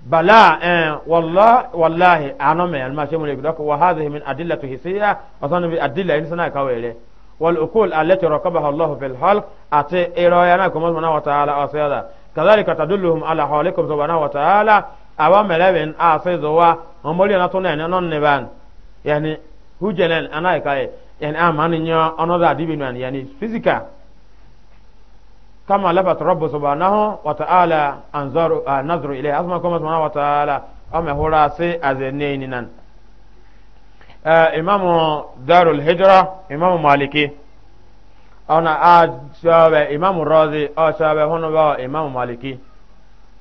[SPEAKER 1] بلا اه والله والله انا ما الماشي من يقولك وهذه من ادله حسيه اصلا بادله انسان كاويله والعقول التي ركبها الله في الخلق اتي ارايانا كما سبحانه وتعالى اصيلا كذلك تدلهم على حالكم سبحانه وتعالى awamɛlɛ bɛ ase zowa ɔmɔli yɛn ato nɛɛni ɔnɔ ne ban yanni hujɛlɛn anayi ka yɛ yanni ama ni nyɛ ɔnɔ da adi bi nani yanni fisika كما لفت رب سبحانه وتعالى انظر آه، نظر الى اسمع كما سبحانه وتعالى ام هو راس ازنينن آه، امام دار الهجره امام مالكي انا اجاب امام الرازي اجاب هنا امام مالكي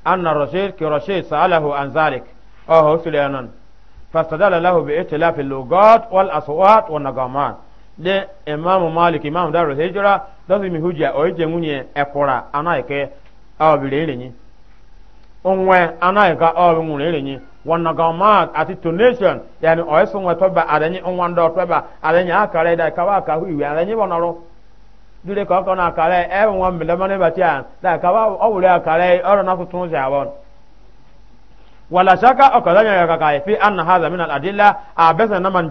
[SPEAKER 1] ان الرشيد كرشيد ساله عن ذلك اه فاستدل له بائتلاف اللغات والاصوات والنغمات de imam malik imam daru hijra dozi mi hujja o je nwunye ekwura onwe nwunye irinyi wannan ga ati donation yani o esu nwe toba arenyi onwa ndo toba arenyi akara ida kawa ka hu iwe arenyi bonoro dire ka ko na akara e nwa mbele mane batia da o wure akara oro na wala shaka o ya fi anna hadha min al adilla na man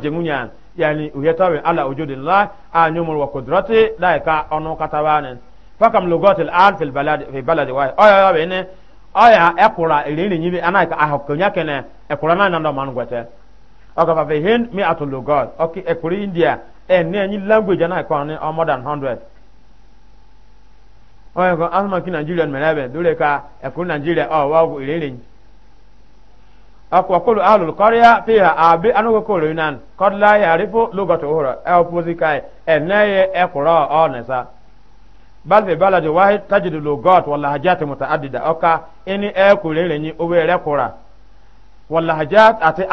[SPEAKER 1] yani uyatawi ala ujudillah anyumul wa qudrati laika onu katabanen fakam lugatil al fil balad fi balad wa aya ya bene aya ekura irini nyibi anaika ahokonya kene ekura na nando man gwete oka fa fi hin mi atul lugat oki ekuri india enne anyi language na ko ni more than 100 oya ko asma ki nigerian melebe dole ka ekuri nigeria o wa irini akwa kulu ahlul fiha abi anu kulu yunan qad la ya'rifu lugatu uhra e opozi kai enaye e qura e na ịsa. fi baladi wahid tajidu lugat wal lahajat mutaaddida oka ini e kulele nyi obere ati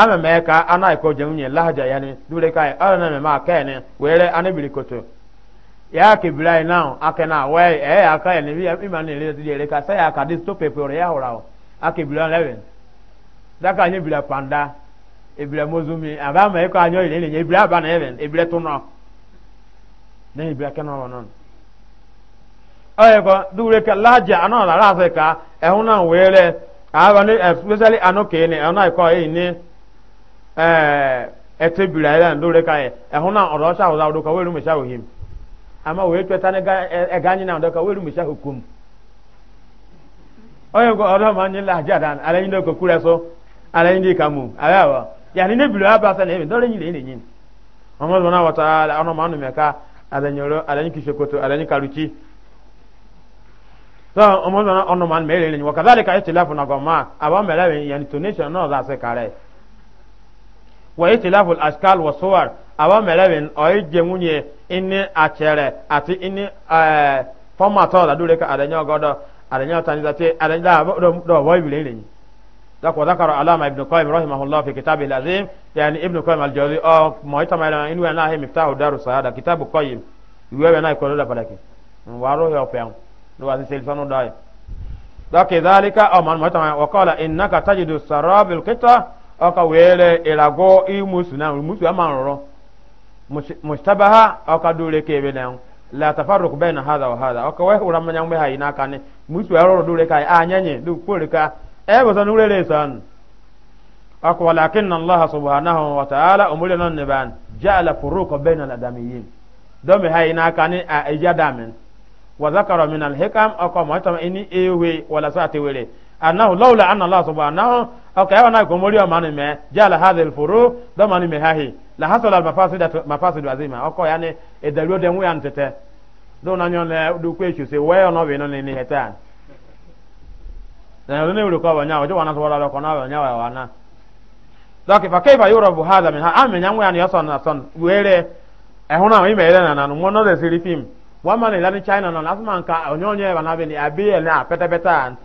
[SPEAKER 1] lahaja yani kai kene were koto ya akena e ni imani daka anyị bira panda ebira mozumi aba ma ịkọ anyị oyiri enyi ebira aba na ebe ebira tụnọ na ebira kenọ ọ nọn ọyọ kọ dugure ka laja e anọ na asị ka ẹhụ na were aba ne especially anọ e e ka ene ẹhụ na ịkọ eyi ne ẹẹ ẹtẹ bira ẹyẹ dugure ka ẹhụ na ọdọ ọsha ọdọ ọdọ ka wee rumesha ohim ama wee tweta ne ịga anyị na ọdọ ka wee rumesha okum ọyọ kọ ọdọ ma anyị laja dan ala anyị na okokuru ẹsọ. ala indi kamu ayawa yani ne bilo aba ebe zona wa taala ana manu meka ala nyoro ala nyi kishokoto ala nyi karuchi ne na goma aba mele yani no za se kare wa ashkal wa suwar aba mele jemunye achere ati ka ala nyi ogodo ala nyi ala nyi da ذاك وذكر علامة ابن قيم رحمه الله في كتابه العظيم يعني ابن قيم الجوزي أو ما يتم إلى إنه أنا هي مفتاح دار السعادة كتاب قيم يقول أنا يقول له فلكي وأروح يوفيهم لو أزيد سلسان داي ذاك ذلك أو ما من ما وقال إنك تجد سراب الكتا أو كويلة إلى غو إيموسنا إيموسنا ما نرى مشتبه أو كدولة كيبنا la tafarruq baina hadha wa hadha okay wewe uramanya mbe haina kane mwitu yaroro dule kai anyenye du kulika ebe san urere san ako walakin allah subhanahu wa ta'ala umuri non ne ban ja'ala furuqa bayna al-adamiyyin do me hayna kani a ijadamin wa zakara min al-hikam ako ma tama ini ewe wala sati wele annahu laula anna allah subhanahu ako yana ko muri o manu me ja'ala hadhihi al-furu do manu me hahi la hasala al-mafasid mafasid azima ako yani edalu de nwi antete do na nyone du kwechu se we ono be no ni hetan na ne wuri ko banya wajo wana wala ko na banya wa wana doki fa kaifa yurabu hadha min ha amenya nwa ya son na son were e huna mi mere na na mo no de siri film wa man ila ni china na asma nka onyonyo e na be ni abi e na pete pete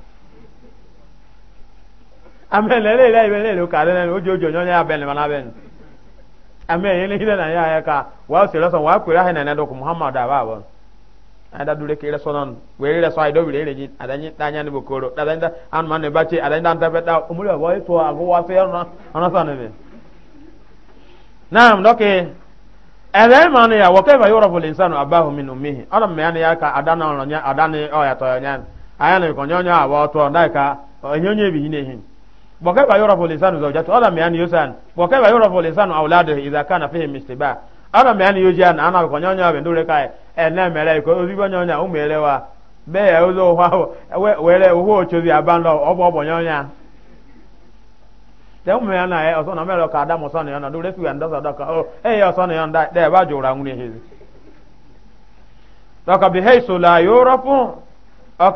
[SPEAKER 1] ka le ojo ojo ya be ni na be ni amen na ya ka wa sira son wa na ada dure ke ira sonon we ira so aido bire reji adanya tanya ni bokoro adanya an man ne bace adanya an tapeta umuri wa to ago wa fe ona ona sa ne be naam doke ebe man ya wa kaifa yurafu al-insanu abahu min ummihi adam me ya ka na ona nya adana o ya to nya aya ne ko nyonya awo to ndai ka onyonya bi hine hin wakaifa yurafu al-insanu zawjatu adam me yana yusan wakaifa yurafu al-insanu awladahu idha kana fihi mistibah adam me yana yujan ana ko nyonya be ndure kai ene mere iko ozigbo onye ọnya ụmụ elewa bee ya ozi ụwa were uwe ochozi abandọ ọgbọ ọgbọnye ọnya ụmụ ya na ya ọsọ na mere ọka adam ọsọ na ya na dure siwa ndọsọ dọka ọsọ na ya nda ụra nwunye hezi ka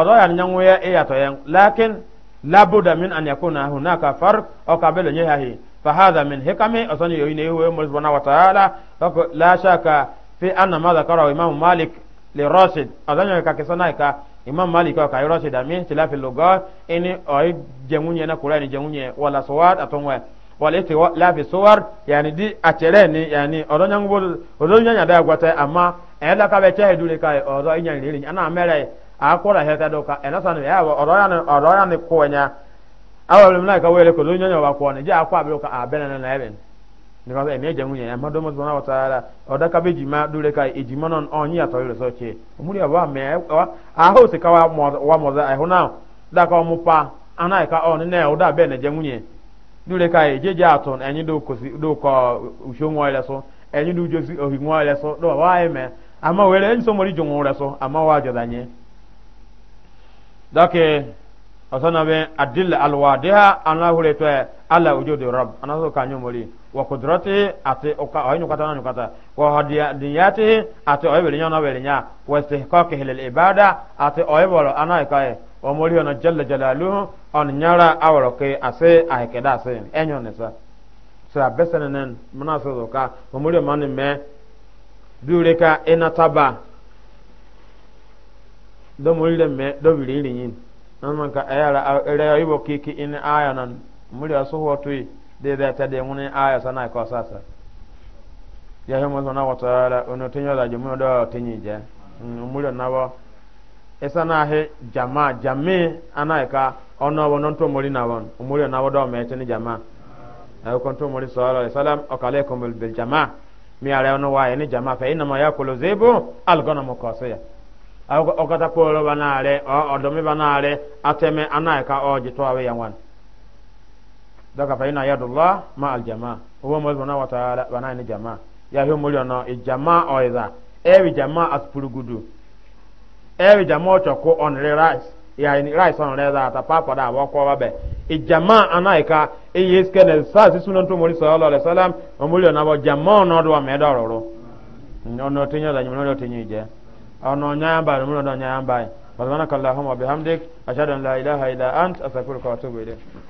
[SPEAKER 1] ọzọ ya nyanwụ ya ịyatọ ya lakin labuda min an ahụ hunaka farq ọka belo nye ha hi fahadha min hekami ọsọ na na ihu ya na bọna wa fi anna ma zakara imam malik li rashid azanya ka kisana ka imam malik ka ay rashid amin tila fi luga ini ay jengunye na qur'an jengunye wala sawad atonwa wala ti la fi suwar yani di achere ni yani odonya ngbo odonya nya da agwata amma en la ka be dure ka odo inya ni ana mere akwara heta doka ena sana, ya odo ya ni odo ya ni kwenya awabul malaika wele ko odonya nya wa kwona je akwa bi abena na na eben nìkan sẹ ní ẹjẹ ń yẹn amadu mọsibọ náà wọtaara ọdọ kabe na dúró ká ìjìmọ náà ọ̀nyí àtọ̀ yìí lọ́sọ̀ tiẹ̀ sika wa pa ọdọ abẹ́ ẹ̀ nẹ̀jẹ̀ ń yẹn dúró ká ìjẹ́jẹ́ àtọ̀ ẹ̀yìn dó kọ òṣìṣẹ́ wọn rẹ̀ sọ ẹ̀yìn dó josi òhìn wọn rẹ̀ sọ dọ̀ wá ẹ̀ mẹ́ àmọ́ wa kudratihi ati oka oyi nyukata na nyukata wa hadiyatihi ati oyi belinya na belinya wa ibada ati oyi oyibo anai kai o mori ona jalla jalaluhu on nyara awro ke ase ase enyo nisa sa mana besenenen munaso me ka taba do mee le me do biri yin nan ka ayara ayara de da ta de mun aya sana ko sasa ya hamu sana wa taala ono tinyo da jumu do tinyi je mulu na wa he uh, mm, uh, jama jame anaika ono wono to mori na won na wa do me tini jama ay ko to mori sallallahu bil jama mi jama ma zibu ko ateme daga fa ina yadullah ma al jamaa huwa mawlana wa ta'ala bana ni jamaa ya hiyo mulio no e jamaa oiza ewi jamaa aspurugudu ewi jamaa ochoko on rice ya ni rice on reza ata papa da wa ko babe e jamaa anaika e yeske ne sa si sunan to mori sallallahu alaihi wasallam mulio na bo jamaa no do me do roro ono tinyo da nyimo no tinyo je ono nyamba mulio no nyamba subhanakallahumma bihamdik ashhadu an la ilaha illa ant astaghfiruka wa atubu ilayk